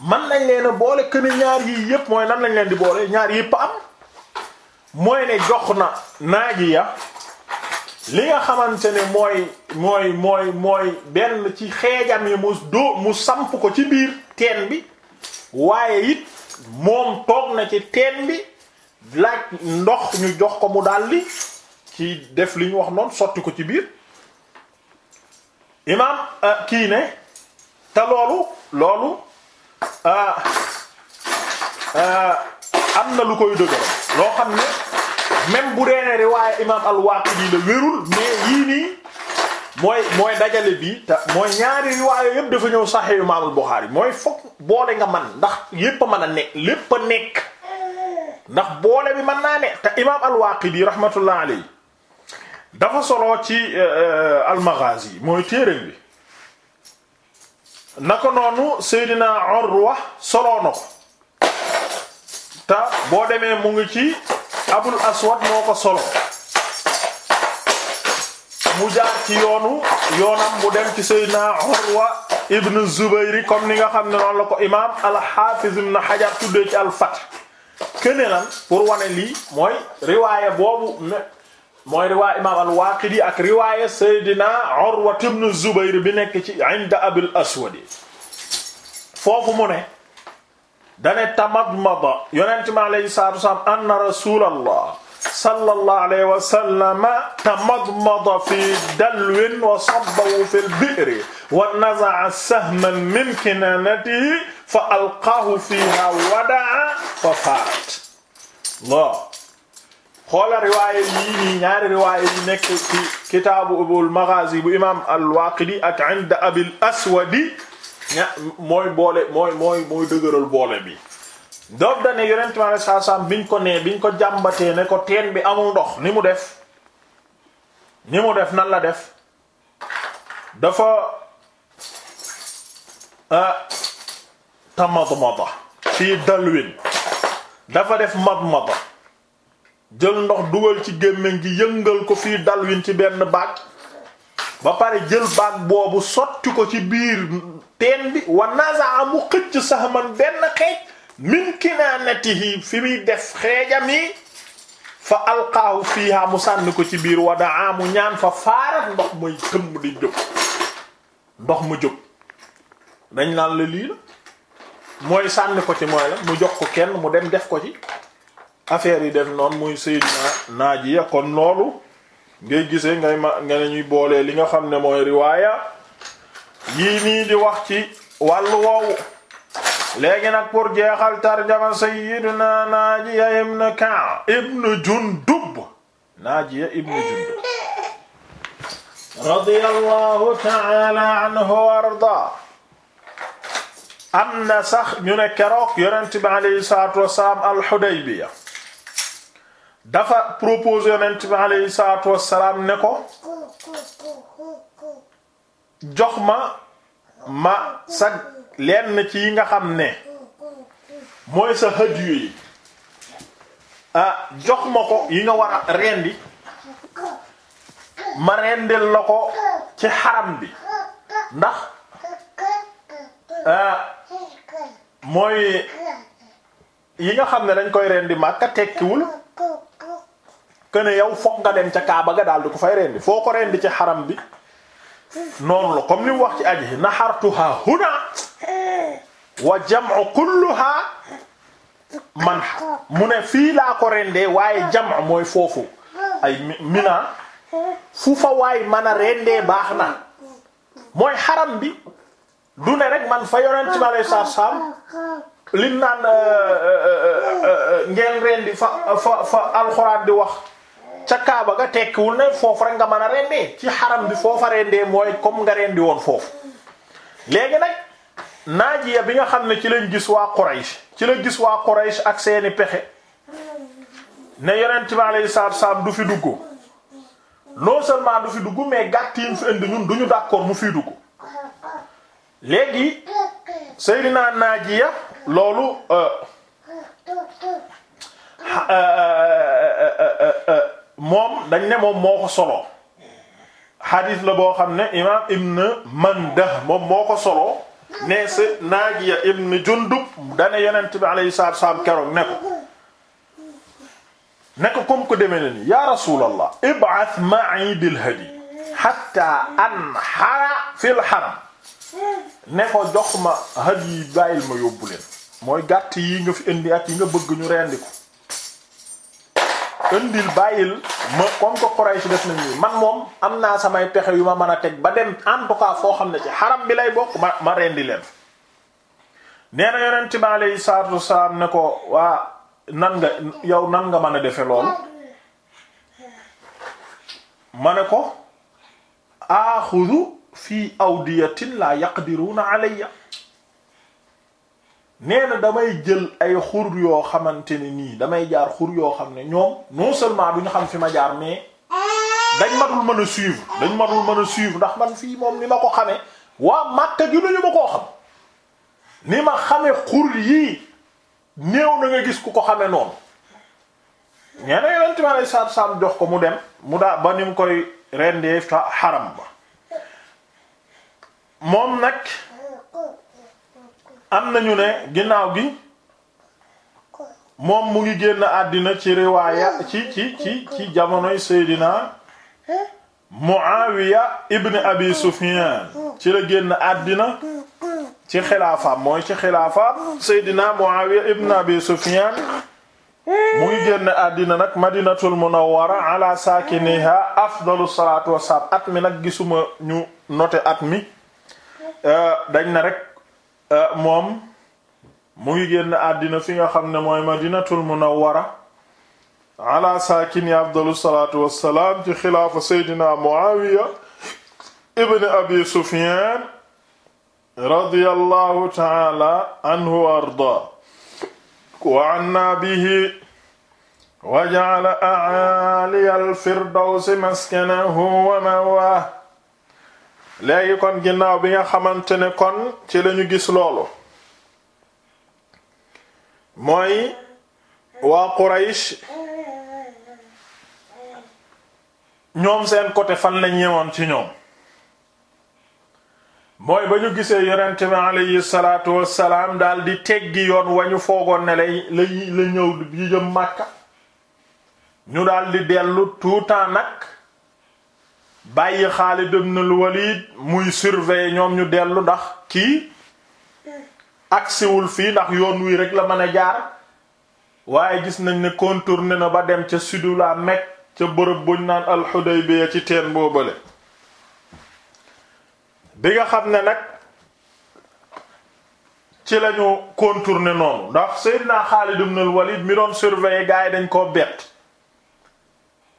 man nañ leen boole que ñaar yii yépp mooy nan lañ leen di boole ñaar yépp am mooy ne jox na naajiya li nga xamante ne mooy mooy mooy mooy ci xeejam yi mu doo mu samp ko ci biir teen bi waaye it moom toog na ci teen bi laaj ndox ñu jox ko mu daldi ci def li wax noonu sotti ko ci biir imaam euh, kii ne te loolu euh, euh, am na lu koy dëgëral loo xam ne même bu dee riwaaye imaam al-Waaqidi la wérul mais yii nii mooy mooy dajale bi te mooy ñaari riwaayo yëpp dafa ñëw saxee imaamul Buxaari mooy fokk boole nga man ndax yépp a mën a nekk lépp a nekk ndax boole bi mën naa ne te imaam al-Waaqidi rahmatullah alayhi dafa solo ci euh, euh, al-Maghaazi mooy téereem bi naka noonu Seydina Urwa solo na ko te boo demee mu ngi ci Abul Aswad moo ko solo mu jaar ci yoonu yoonam mu dem ci Seydina nga xam ne noonu la ko imaam al-Hafiz ibn Hajar tuddee al-Fath kene lan lii mooy riwaayé boobu mooy riwaayé imaam al-Waaqidi ak riwaayé Seydina Urwa ibn Zubayr bi nekk ci inda Abil foofu mu ne dane tamadmada yonent mi alayhi salaatu anna rasulallah sallallahu alayhi wa sallam tamadmada fi dalwin wa sabbahu fi lbiri wa naza'a sahman min kinanatihi fa alqaahu fiha wadaa fa faat Allah xoola riwaaya yii nii ñaari riwaaya yi nekk ci kitaabu Abul Maghazi bu imaam al-Waaqidi ak inda Abil Aswadi mooy boole mooy mooy mooy dëgëral boole bi doob dane yonent mi alei sat biñ ko nee biñ ko jàmbatee ne ko teen bi amul ndox ni mu def ni mu def nan la def dafa ah, tamadmada fii dalwin dafa def madmada jël ndox dugal ci gémmiñ gi yëngal ko fii dalwin ci benn baat ba pare jël baag boobu sotti ko ci biir teen bi wa nasaa mu xëcc sax man benn xeej min kinaanatihi fi muy def xeejam yi fa alqaahu fiiha mu sànni ko ci biir wadaa mu ñaan fa faarat ndox muy tëmb di jóg ndox mu jóg dañ naan la lii la mooy sànni ko ci mooy la mu jox ko kenn mu dem def ko ci affaire yi def noonu muy Seydina Naajiya kon loolu ngay gise ngay ma nga ne ñuy boolee li nga xam ne mooy riwaaya yii nii di wax ci wàllu woowu léegi nag pour jeexal tarjama sayyiduna Naajiya ibn Ka'b ibn Jundub Naajiya ibn Jundub radiyallahu ta'ala anhu wa arda am na sax ñu ne keroog yonent bi alayhi salaatu wassalaam al-Hudaybiya dafa proposé yonent bi alayhi salaatu wassalaam ne ko jox ma ma sa lenn ci yi nga xam ne mooy sa hadiyu yi ah jox ma ko yi nga war a rendi ma rendil la ko ci xaram bi ndax ah mooy yi nga xam ne dañ koy rendi Makka tekkiwul que ne yow fokk nga dem ca Kaaba ga daal di ko fay rendi foo ko rendi ci xaram bi. noonu la comme ni mu wax ci aji yi naxartuha huna wa jam'u kulluha man mu fii laa rendee waaye jam'u mooy foofu ay mina fu fa waay mën rendee baax na mooy xaram bi du ne rek man fa yonent bi alayhi salaatu salaam lim naan euh, euh, euh, ngeen fa fa fa alxuraan di wax ca Kaaba ga tekkiwul ne foofu rek nga mën a rendee ci xaram bi foofa rendee mooy comme nga rendi woon foofu léegi nag naajiya bi nga xam ne ci lañ gis waa Quraysh ci la gis waa Quraysh ak seeni pexe ne yonent bi alayhi salaatu salaam du fi dugg non seulement du fi dugg mais gàtt yi mu fi indi ñun du ñu d'accord mu fiy dugg léegi Seydina Naajiya loolu. Euh, euh, euh, moom dañ ne moom moo ko solo xadis la boo xam ne imaam ibn Mandah moom moo ko solo ne sa Naajiya ibn Jundub dane yonent bi alayhi salaatu salaam keroog ne ko ne ko comme que demee na nii yaa rasulallah ib'ath ma'i bil hadi hatta anhara fil haram ne ko jox ma hadi bàyyil ma yóbbu leen mooy gàtt yi nga fi indi ak yi nga bëgg ñu rendi ko indil bàyyil ma comme que Quraysh def nañ nii man moom am naa samay pexe yu ma mën a teg ba dem en tout foo xam ne ci xaram bi lay bokk ma ma rendi leen nee na yonent bi alayhi saar wasalaam ne ko waa nan nga yow nan nga mën a defe loolu ma ne ko axudu fii awdiyatin la yaqdiruna alayya nee na damay jël ay xur yoo xamante ne nii damay jaar xur yoo xam ne ñoom non seulement duñu xam fi ma jaar mais dañ matul mën a suivre dañ matul mën a suivre ndax man fii moom ni ma ko xamee waa Makka gi koo xam ni ma xame xur yii néew na nga gis ku ko xame noonu nee na yonent mi alayhi salaatu jox ko mu dem mu daa ba ni mu koy rendee fa xaram ba moom nag am nañu ne ginnaaw gi moom mu ngi génn àddina ci riwaaya ci ci ci ci jamonoy Seydina Muawiya ibn Abi Sufyan ci la génn àddina ci xilaafaam mooy ci xilaafaam Seydina Muawiya ibn Abi Sufyan mu ngi génn àddina nag Madinatul Munawwara ala saakiniha afdalu salaatu wassalaam at mi nag gisuma ñu noté at mi euh, dañ na rek Euh, moom mu ngi génn àddina fi nga xam ne mooy madinatul munawwara ala saakini afdalu salaatu wassalaam ci xilaafa seydina muawiya ibn abi sufyan radiyallahu taala anhu wa arda wa anna bihi wa ja'ala a'ali al-firdawsi maskanahu wa mawaa léegi kon ginnaaw bi nga xamante ne kon ci lañu gis loolu mooy waa Quraysh ñoom seen côté fan lañ yemoon ci ñoom mooy ba ñu gisee yonent bi alayhi salaatu wassalaam daal di teggi yoon wa ñu foogoon ne lay la ñëw yi jëm Màkka ñu dal di dellu tout nag bàyyi Xaalid ibn muy surveiller ñoom ñu dellu ndax kii agsiwul fii ndax yoon wi rek la mën a jaar waaye gis nañ ne contourné na ba dem ca sudu la Mecque ca bërëb buñ naan al-Hudaybiya ci teen boobale bi nga xam ne nag ci lañu contourné noonu ndax Seydina Xaalid ibn al-Walid mi doon surveiller gars yi dañ koo bett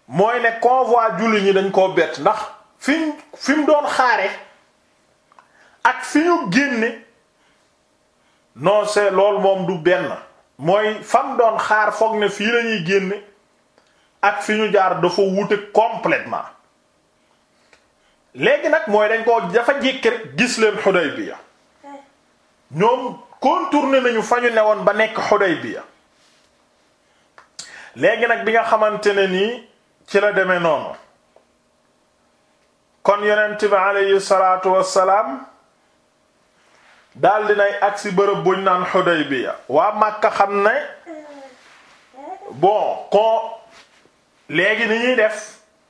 mooy ne convoi julli ñi dañ koo bett ndax fiñ fi mu doon xaare ak fi ñu génne non c'est loolu moom du benn mooy fam doon xaar foog ne fii lañuy génne ak fi ñu jaar dafa wute complètement léegi nag mooy dañ koo dafa jékki rek gis leen Xudaybiya ñoom contourné nañu fa ñu woon ba nekk Xudaybiya léegi nag bi nga xamante nii ci la demee noonu kon yonent bi aleyhi salaatu wassalaam daal dinay agsi bërëb buñ naan Xudaybiya waa Makka xam ne bon kon léegi ni ñuy def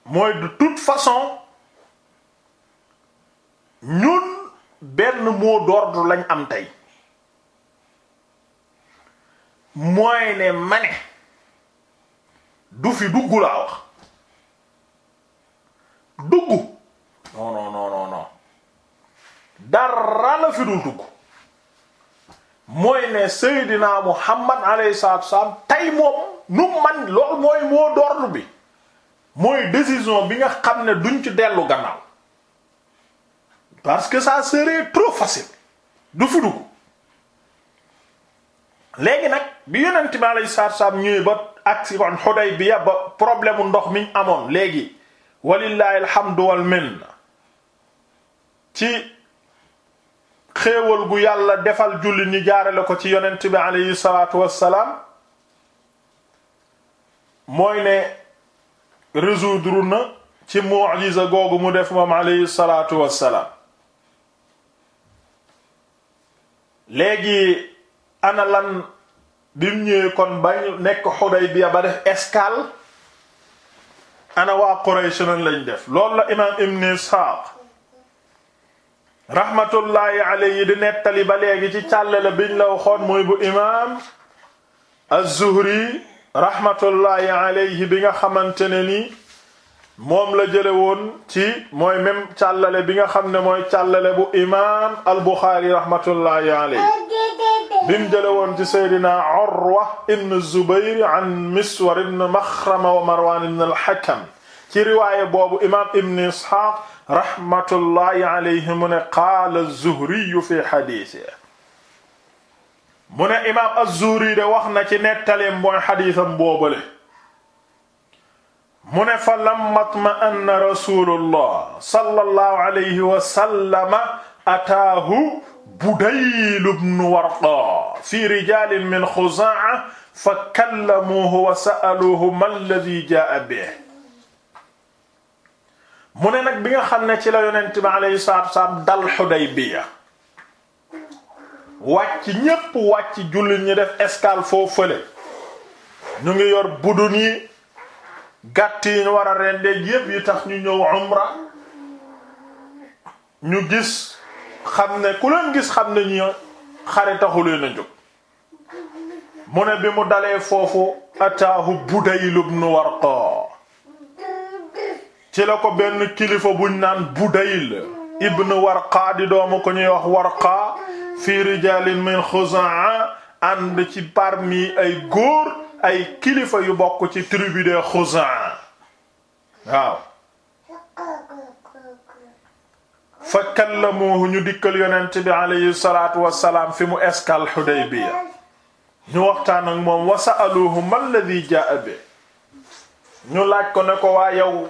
mooy de toute façon ñun benn mot d'ordre lañ am tey mooy ne ma ne du fi dugg laa wax dugg non non non non dara la fi dul dugg mooy ne Seydina Muhammad alayhi salaatu tey moom nu man loolu mooy moo doorlu bi mooy décision bi nga xam ne duñ ci dellu gannaaw parce que ça serait trop facile du fi dugg léegi nag bi yonent bi alayhi salaatu wasallam ñëwee ba agsi kon Hudaybiya ba problème ndox miñ amoon léegi walillahi alhamdu wal minna ci xéewal gu yàlla defal jullit ñi jaarale ko ci yonent bi aleyhi salaatu wassalaam mooy ne résoudre na ci mu'jiza googu mu def moom aleyhi salaatu wassalaam léegi analan lan bi mu ñëwee kon ba ñu ba def escale ana waa Quraysh nan lañ def loolu la imaam Ibn Isxaaq rahmatullahi alayhi di nettali ba léegi ci càllale biñ la waxoon mooy bu imaam az-Zuhri rahmatullahi alayhi bi nga xamante ne ni moom la jële woon ci mooy même càllale bi nga xam ne mooy càllale bu imaam al-Buxaari rahmatullahi alayhi bim jële woon ci Seydina Urwa ibn Zubayr an Miswar ibn Maxrama wa Marwaan ibn al-Hakam ci riwaaye boobu imaam ibn Isxaaq rahmatullahi alayhi mu ne qaala az-Zuhri fi hadiisihi mu ne imaam az-Zuhri de wax na ci nettaleem mooy hadiisam boobale mu ne fa lamma tma'anna rasulullah sallallahu alayhi wa sallama ataahu budayl ibn warqa fi rijal min xuzaa'a fa kallamuuhu wa sa'aluuhu ma alladhi jaa'a bihi mu ne nag bi nga xam ne ci la yonent bi alayhi salaatu wasalaam dal Xudaybiya wàcc ñépp wàcc jullit ñi def escale foofu fële ñu ngi yor budun yi gàtt yi ñu yépp yi tax ñu ñëw umra ñu gis xam ne ku leen gis xam ne ñi xare taxu leen a mu ne bi mu dalee foofu ataahu Budayl ibn Warqa ci la ko benn kilifa buñ naan Budayl ibn Warqa di doomu ko ñuy wax Warqa fi rijalin min Xuzaa ànd ci parmi ay góor ay kilifa yu bokk ci tribu de Xuzaa waaw fa kallamuhu ñu dikkal yonent bi alayhi salaatu wassalaam fi mu eskal Xudaybiya ñu waxtaan ak moom wa sa'aluhu man alladhi jaa'a bi ñu laaj ko ne ko waa yow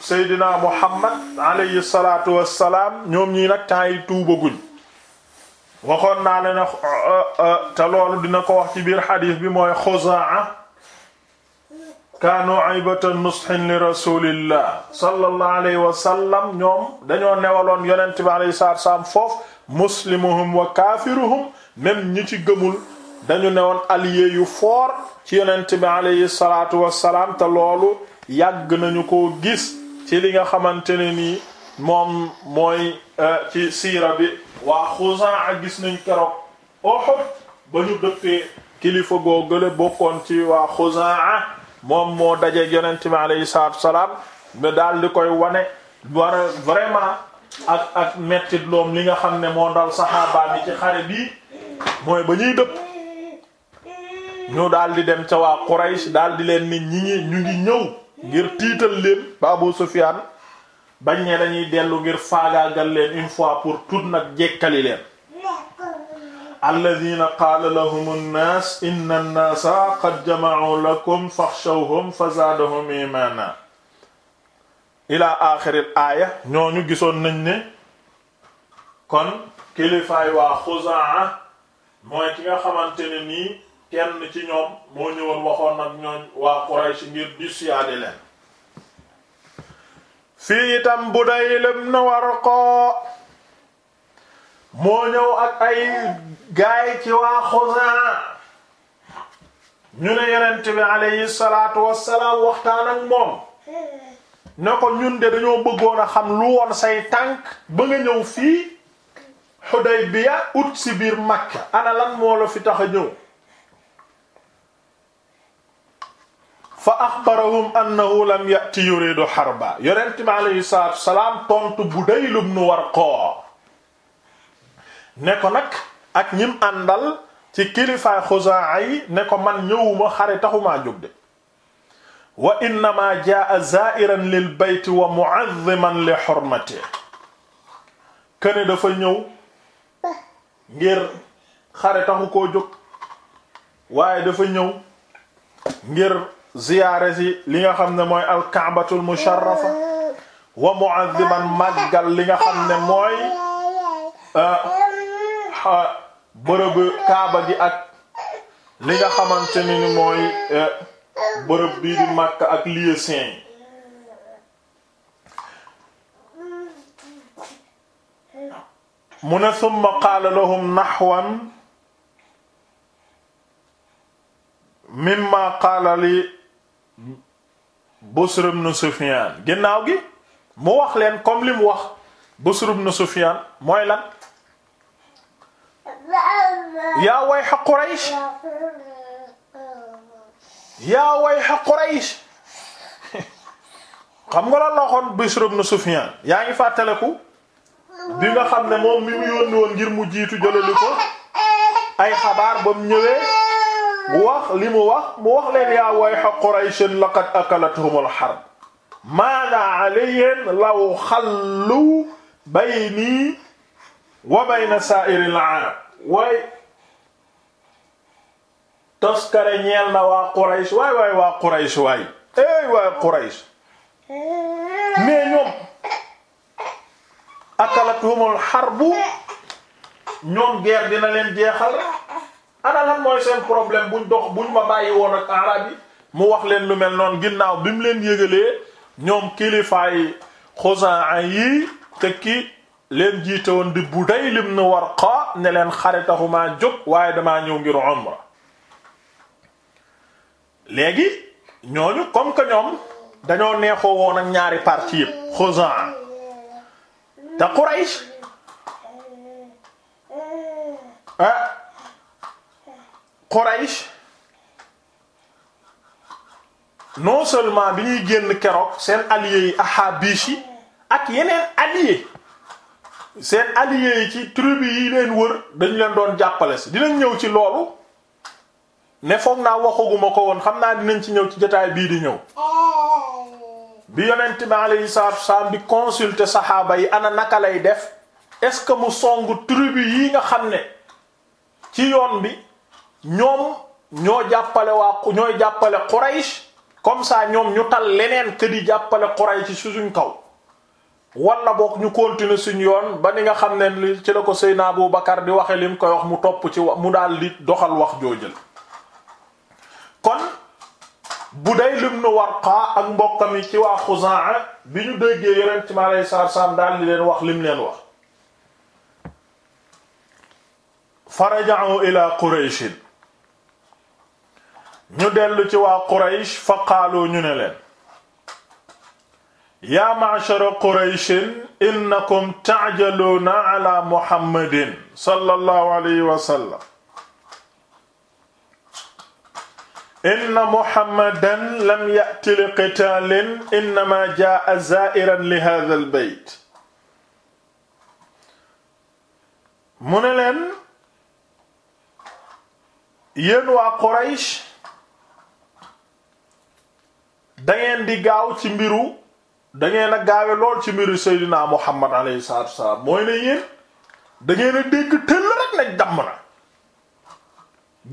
Seydina Muhammad alayhi salaatu wassalaam ñoom ñii nag temps yi tuubaguñ waxoon naa la ne uh, uh, uh, te loolu dina ko wax ci biir xadiis bi mooy Xuzaa kaanu aybatan nusxin li rasulillah sallallahu alayhi wa sallam ñoom dañoo newaloon yonent bi alayhi salaatu salaam foofu muslimuhum wa kaafiruhum même ñici ci gëmul dañu newoon allié yu fort ci yonent bi alayhi salaatu wa salaam loolu yàgg nañu ko gis ci li nga xamante ne nii. moom mooy euh, ci siira bi waa Xuzaa gis nañ keroog Uhud ba ñu dëppee kilifa goo gële bokkoon ci waa Xuzaa moom moo daje yonent bi aleyhi salaatu salaam ne daal di koy wane war ak mettit loom li nga xam ne moo dal saxaaba bi ci xare bi mooy ba ñuy dëpp ñu daal di dem ca waa Quraysh daal di leen ni ñi ñu ngi ñëw ngir tiital leen ba Abu bañ ne dañuy dellu ngir faagaagal leen une fois pour tout nag jekkali leen alladina qaala lahum nnaas inna nnaasa qad jama'u lakum faxshawhum fa zaadahum imaana ila axiril aaya ñooñu gisoon nañ ne kon kilifaay waa Xuzaa mooy ki nga xamante ne nii kenn ci ñoom moo ñëwoon waxoon nag ñooñ waa Quraysh ngir dissuader leen fii itam bu Budayl ibn Warqa moo ñëw ak ay gaay ci waa Xuzaa ñu ne yonent bi alayhi salaatu wassalaam waxtaan ak moom ne ko ñun de dañoo bëggoon a xam lu woon say tànk ba nga ñëw fii Xudaybiya ut si biir Makka ana lan moo la fi tax a ñëw fa axbarahum annahu lam yati yuridu xarba yonent bi aleyhi salaatu salaam tontu Budayl ibn Warqa ne ko nag ak ñim àndal ci kilifaay Xuzaa yi ne ko man ñëwuma xare taxumaa jóg de wa innama jaa zaa'iran lil bayt wa mu'azziman li hurmatihi kene dafa ñëw ngir xare taxu koo jóg waaye dafa ñëw ngir ziyaare li nga xam ne mooy alkaabatul musharrafa wa mu'azziman maggal li nga xam ne mooy uh, uh, bërëb kaaba gi ak li nga xamante ni ni mooy uh, bërëb bii di Makka ak lieu saint yi mu ne summa qaala lahum nahwan mimma qaala li Busr ibn Sufyan ginnaaw gi mu wax leen comme li mu wax Busr ibn sufian mooy lan yaa wayha Quraysh yaa wayha Quraysh xam nga la loxoon Busr ibn Sufyan yaa ngi fàttaleku bi nga xam ne moom mi mu yónni woon ngir mu jiitu jëlali ko ay xabaar ba mu ñëwee wax li mu wax mu wax leen yaa wayha qurayshin laqad akalathum al-harb maada alayhim law xallu bayni wa bayna saa'iril aam waay toskare ñeel na waa Quraysh waay waay waa Quraysh waay éy waa Quraysh mais ñoom akalathumul harbu dina leen jeexal ana lan mooy seen problème buñ dox buñ ma bàyyi woon ak arab yi mu wax leen lu mel noon ginnaaw bi mu leen yëgalee ñoom kilifaay Xuzaa yi te ki leen jiite woon di Budayl ibn Warqa ne leen xare taxumaa jóg waaye dama ñëw ngir umra léegi ñooñu comme que ñoom dañoo neexoo woon ak ñaari parti yëpp Xuzaa te Quraysh eh, Quraysh non seulement bi ñuy génn keroog seen alliés yi Ahabish yi ak yeneen alliés seen alliés yi ci tribu yi leen wër dañu leen doon jàppale si dinañ ñëw ci loolu ne foog naa waxaguma ko woon xam naa dinañ ci ñëw ci jataay bii di ñëw bi yonent bi alayhi salaatu wasallam di consulter saxaaba yi ana naka lay def est-ce que mu song tribu yi nga xam ne ci yoon bi ñoom ñoo jàppale waa ñooy jàppale Quraysh comme saa ñoom ñu tal leneen que jàppale Quraysh su suñ kaw wala boog ñu continuer suñ yoon ba ni nga xam ne li ci la ko Seydina Abu Bakar di waxee lim koy wax mu topp ci mu daal di doxal wax joojël kon bu Budayl ibn Warqa ak mbokkam yi ci waa Xuzaa bi ñu déggee yeneen mi alayhi salaatu salaam daal di leen wax lim leen wax faraja'u ila Quraysh ñu dellu ci waa Quraysh fa qaalu ñu ne leen yaa ma'shara Qurayshin innakum ta'jaluuna ala Muhammadin sallallahu alayhi wa sallam inna Muhammadan lam ya'ti liqitaalin innamaa jaa'a zaa'iran li haadhal bayt mu ne leen yéen waa Quraysh da ngeen di gaaw ci mbiru da ngeen a gaawe lool ci mbiru Seydina Muhammad alayhi salaatu wassalaam mooy ne yéen da ngeen a dégg tëll rek nañ damm na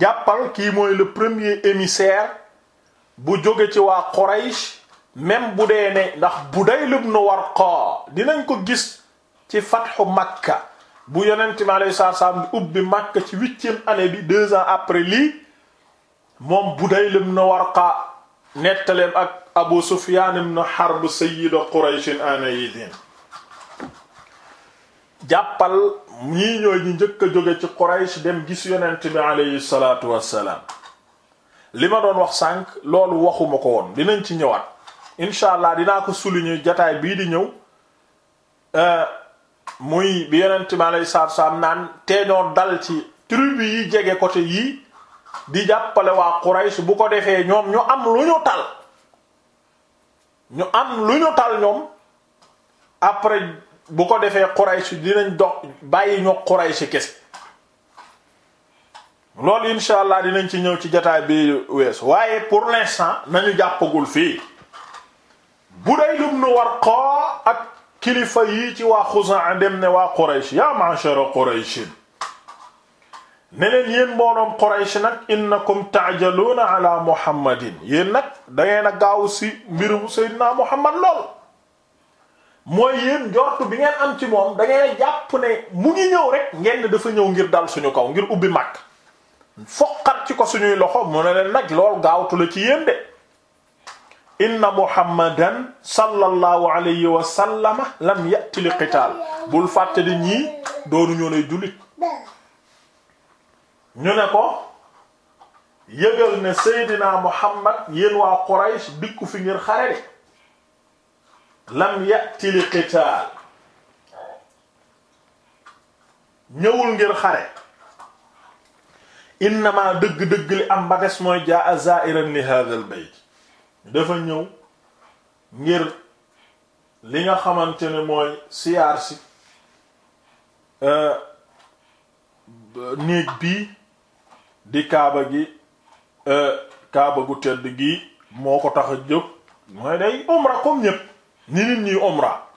jàppal kii mooy le premier émissaire bu jóge ci waa Quraysh même bu dee ne ndax Budayl ibn Warqa dinañ ko gis ci fatxu Makka bu yonent mi alayhi salaatu wassalaam ubbi Makka ci huitième année bi deux ans après lii moom Budayl ibn Warqa nettaleem ak Abu Sufyaan ibn Harb sayyidu yi anaydin jàppal ñii ñooy ñi njëkk a jóge ci Quraysh dem gis yonent bi aleyhi salaatu wassalaam li ma doon wax sànq loolu waxuma ko woon dinañ ci ñëwaat incha allah dinaa ko souligner jataay bii di ñëw euh, muy bi yonent bi aleyhi salaatu wassalaam naan teeñoo dal ci tribu yi jege côté yii di jàppale waa Quraysh bu ko defee ñoom ñu am lu ñu tal ñu am lu ñu tal ñoom après bu ko defee Quraysh dinañ dox bàyyi ñu Quraysh kese loolu insha allah dinañ ci ñëw ci jotaay bi weesu waaye pour l'instant nañu jàppagul fii Budayl ibn Warqa ak kilifa yi ci waa Xuzaa dem ne waa Quraysh ya ma'shara Quraysh ne leen yéen mbooloom Quraysh nag innakum ta'jaluuna ala muhammadin yéen nag da ngeen gaaw si mbirum Seydina Muhammad lool mooy yéen njort bi ngeen am ci moom da ngeen ne mu ngi ñëw rek ngeen dafa ñëw ngir dal suñu kaw ngir ubbi mag foqat ci ko suñuy loxo mu ne leen nag lool gaawtu la ci yéen de inna muhammadan sallallahu alayhi wa sallama lam ya'ti li qitaal bul fàtte di ñii doonuñoo lay jullit ñu ne ko yëgal ne Seydina Muhammad yéen waa Quraysh dikku fi ngir xare de lam ya'ti li qitaal ñëwul ngir xare innama dëgg-dëgg li am ba des mooy jaa za'iran li hadha al dafa ñëw ngir li nga xamante ne mooy siyaar si euh, néeg bii di kaaba gi e, kaaba gu tedd gi moo ko tax a jóg mooy day umra comme ñépp ni nit ñuy umra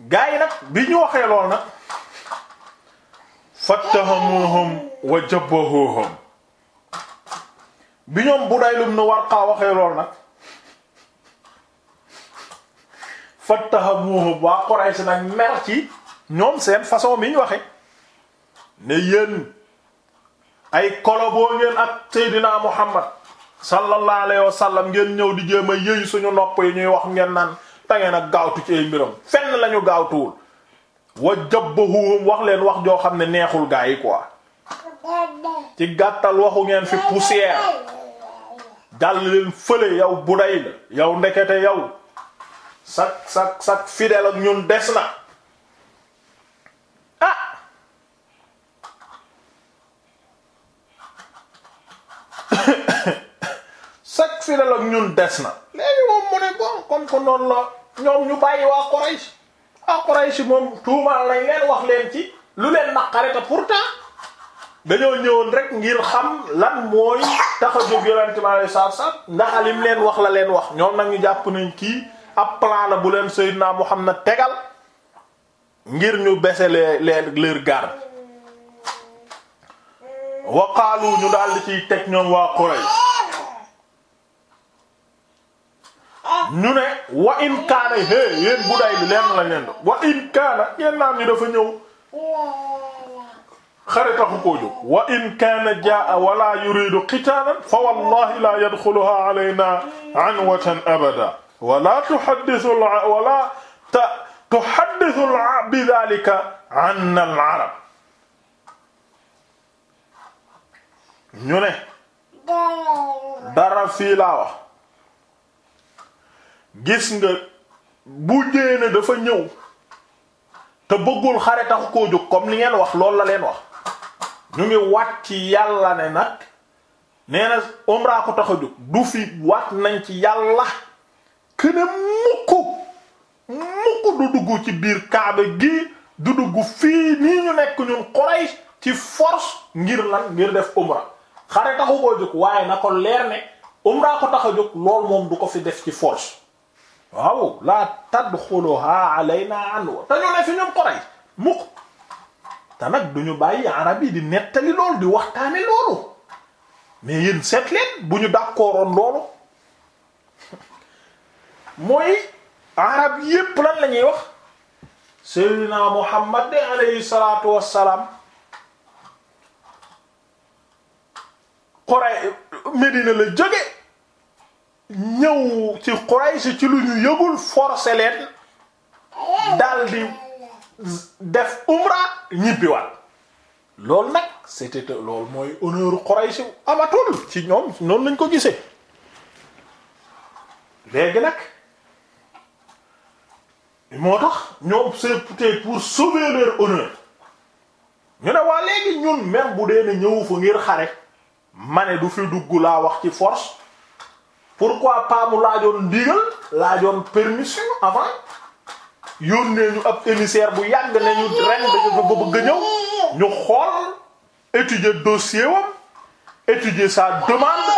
gaa nag bi ñu waxee lool nag fattahamuhum wa jabbahuhum bi ñoom Budaylum nu Warqa waxee lool nag fattahamuhum waa Quraysh nag mer ci ñoom seen façon bi ñu waxe ne yéen ay koloboo ngeen ak Seydina Muhammad sallallahu alayhi wa ngeen ñëw di jéem a yëyu suñu nopp yi ñuy wax ngeen naan ta ngeen ak gaawtu ci ay mbiram fenn lañu gaawtuwul wa jabbahuhum wax leen wax joo xam ne neexul gaa yi ci gàttal waxu ngeen fi poussière dal leen fële yow buday la yow ndekete yow sak sak sak fidèle ak ñun des na fidèle ak des na léegi moom mu ne bon comme que noonu la ñoom ñu bàyyi waa Quraysh waa Quraysh moom tuumaal nañ leen wax leen ci lu leen naqare te pourtant dañoo ñëwoon rek ngir xam lan mooy tax a jóg yonente bi alei satu salam ndax lim leen wax la leen wax ñoom nag ñu jàpp nañ kii ab plan la bu leen Seydina Muhammad tegal ngir ñu baisser les leurs gardes waqaalu ñu daal di ciy teg ñoom waa Quraysh ñu ne wa in kaana hé yéen buday bi lenn la leen wa in kaana ngeen naan ñu dafa ñëw xare taxu koo jóg wa in kaana jaa wala yuridu qitaalan fa wallahi la yadxuluha alayna anwatan abada wala tuhaddithu wala tuhaddithu bi dhalika anna al arab ñu ne dara fii laa wax gis nga bu dee dafa ñëw te bëggul xare tax koo jóg comme ni ngeen wax loolu la leen wax ñu ngi wat ci yàlla ne nag nee na ko tax a jóg du fi wat nañ ci yàlla kene mukk mukk du dugg ci biir kaaba gi du dugg fii nii ñu nekk ñun Quraysh ci force ngir lan ngir def umra xare taxu koo jóg waaye na ko leer ne umra ko tax a jóg lool moom du ko fi def ci force waaw laa tadxuluha alayna anwa te ñu ne fi ñoom Quraysh mukk te nag du ñu bàyyi arab yi di nettali lool di waxtaane loolu mais yéen seet bu ñu d'accordoon loolu mooy arab yépp lan la ñuy wax Seydina Muhammad de alayhi salaatu wassalaam Quraysh Medina la jóge ñëw ci Quraysh ci lu ñu yëgul forcé leen daldi def umra ñibbiwaat loolu nag c'était loolu mooy honneur Quraysh amatul ci ñoom noonu lañ ko gisee léegi nag moo tax ñoom c'est pour sauver leur honneur ñu ne waa léegi ñun même bu dee ne ñëw fa ngir xare mane du fi dugg laa wax ci force pourquoi pas mu laajoon ndigal laajoon permission avant yónnee ñu ab émissaire bu yàgg ne ñu ren dañu ko bëgg a ñëw ñu xool étudier dossier wam étudier sa demande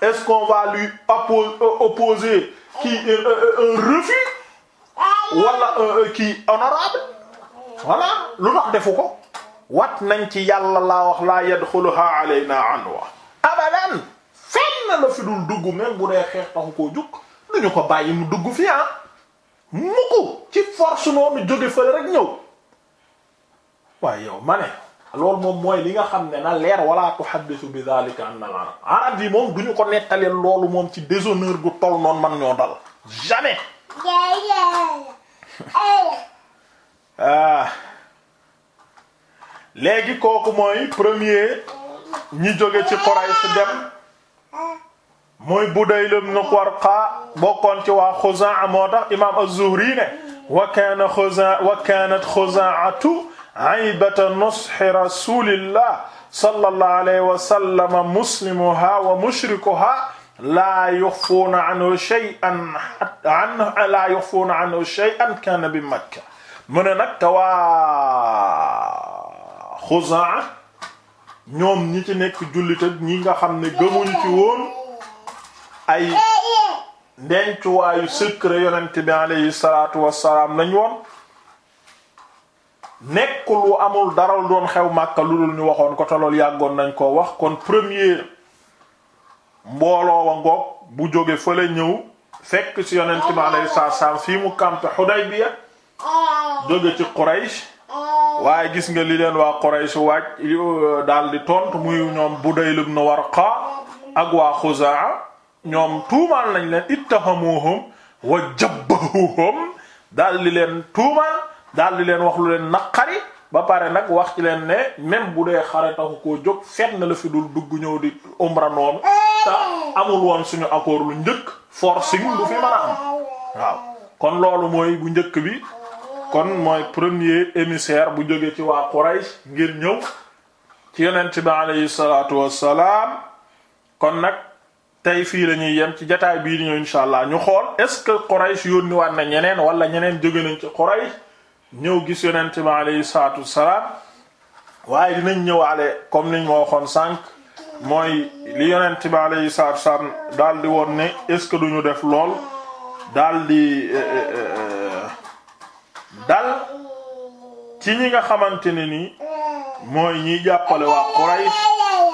est-ce qu'on va lui euh, opposer qui euh, euh, un refus wala qui honorable voilà lu tax defu ko wat nañ ci yàlla la wax laa yadxuluha alayna anwa abadan fenn la fi dul dugg même bu dee xeex taxu koo jug duñu ko bàyyi mu dugg fi ah mukk ci force noonu jóge fële rek ñëw waaye yow ma ne loolu moom mooy li nga xam ne na leer wala tuhaddisu bi zalika an al arab arab yi moom duñu ko nettalee loolu moom ci déshonneur gu toll noonu man ñoo dal jamais ah. léegi kooku mooy premier ñi jóge ci Quraysh dem muy Budayl ibn Qarqa bokkoon ci waa Xuzaa moo tax imaam az-Zuhri ne wa kaana Xuzaa wa kaanat Xuzaa'atu aybata nushi rasulillah sallallahu alayhi wa sallam muslimuha wa mushrikuha laa yuxfuuna anhu shay'an laa yuxfuuna anhu shay'an kaana bi Makka mu ne nag te waa Xuzaa ñoom ñi ci nekk jullit ak ñi nga xam ne gëmuñu ci woon ay ndencuwaayu secret yonent bi alayhi salaatu wassalaam lañ woon nekkul lu amul dara lu doon xew Makka lu dul ñu waxoon ko te yàggoon nañ koo wax kon premier mbooloo wa ngoog bu jóge fële ñëw fekk ci yonent bi alayhi salaatu wassalaam fii mu campé Hudaybiya jóge ci Quraysh waaye gis nga li leen waa Quraysh waaj euh, daal di tontu muy ñoom Budayl ibn Warqa ak waa Xuzaa ñoom tuumaal nañ leen ittahamuhum wa jabbahuhum daal di leen tuumaal daal di leen wax lu leen naqari ba pare nag wax ci leen ne même bu dee xare taxu koo jóg na la fi dul dugg ñëw di umra noonu te amul woon suñu accord lu njëkk forcing du fi mën a am waaw kon loolu mooy bu njëkk bi kon mooy premier émissaire bu jóge ci waa Quraysh ngir ñëw ci yonent bi aleyhi salaatu wassalaam kon nag tey fii lañuy ñuy yem ci jataay bii di ñëw insha allah ñu xool est-ce que Quraysh yónni waat na ñeneen wala ñeneen jóge nañ ci Quraysh ñëw gis yonent bi aleyhi salaatu wassalaam waaye dinañ ñëwaale comme niñ ma waxoon sànq mooy li yonent bi aleyhi salaatu wassalaam daal di woon ne est-ce que duñu def lool daal di euh, euh, euh, dal ci ñi nga xamante ne nii mooy ñiy jàppale waa Quraysh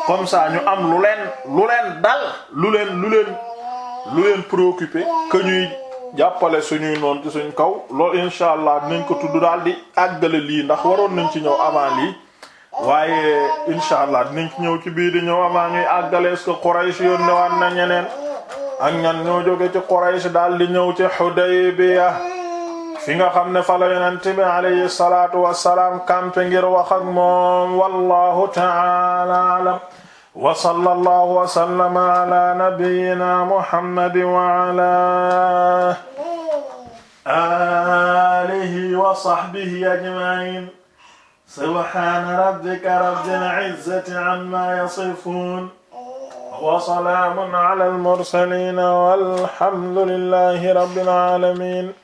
comme ñu am lu leen lu leen dal lu leen lu leen lu leen préoccupé que ñuy jàppale suñuy noon ci suñ kaw lool incha allah dinañ ko tudd daal di àggale lii ndax waroon nañ ci ñëw avant lii waaye incha allah dinañ ci ñëw ci biir di ñëw avant ñuy àggale est-ce que Quraysh yoon ne na ñeneen ak ñan ñoo jóge ci Quraysh daal di ñëw ci Hudaybiya fi nga xam ne fa la yonent bi alayhi salaatu wassalaam kampe ngir wax ak moom wallahu ta'ala a'lam wa sallallahu wa sallama ala nabiyyina muhammad wa ala alihi wa sahbihi ajma'in subhana rabbika rabbil izzati amma yasifun wa salamun ala al mursalin walhamdulillahi rabbil alamin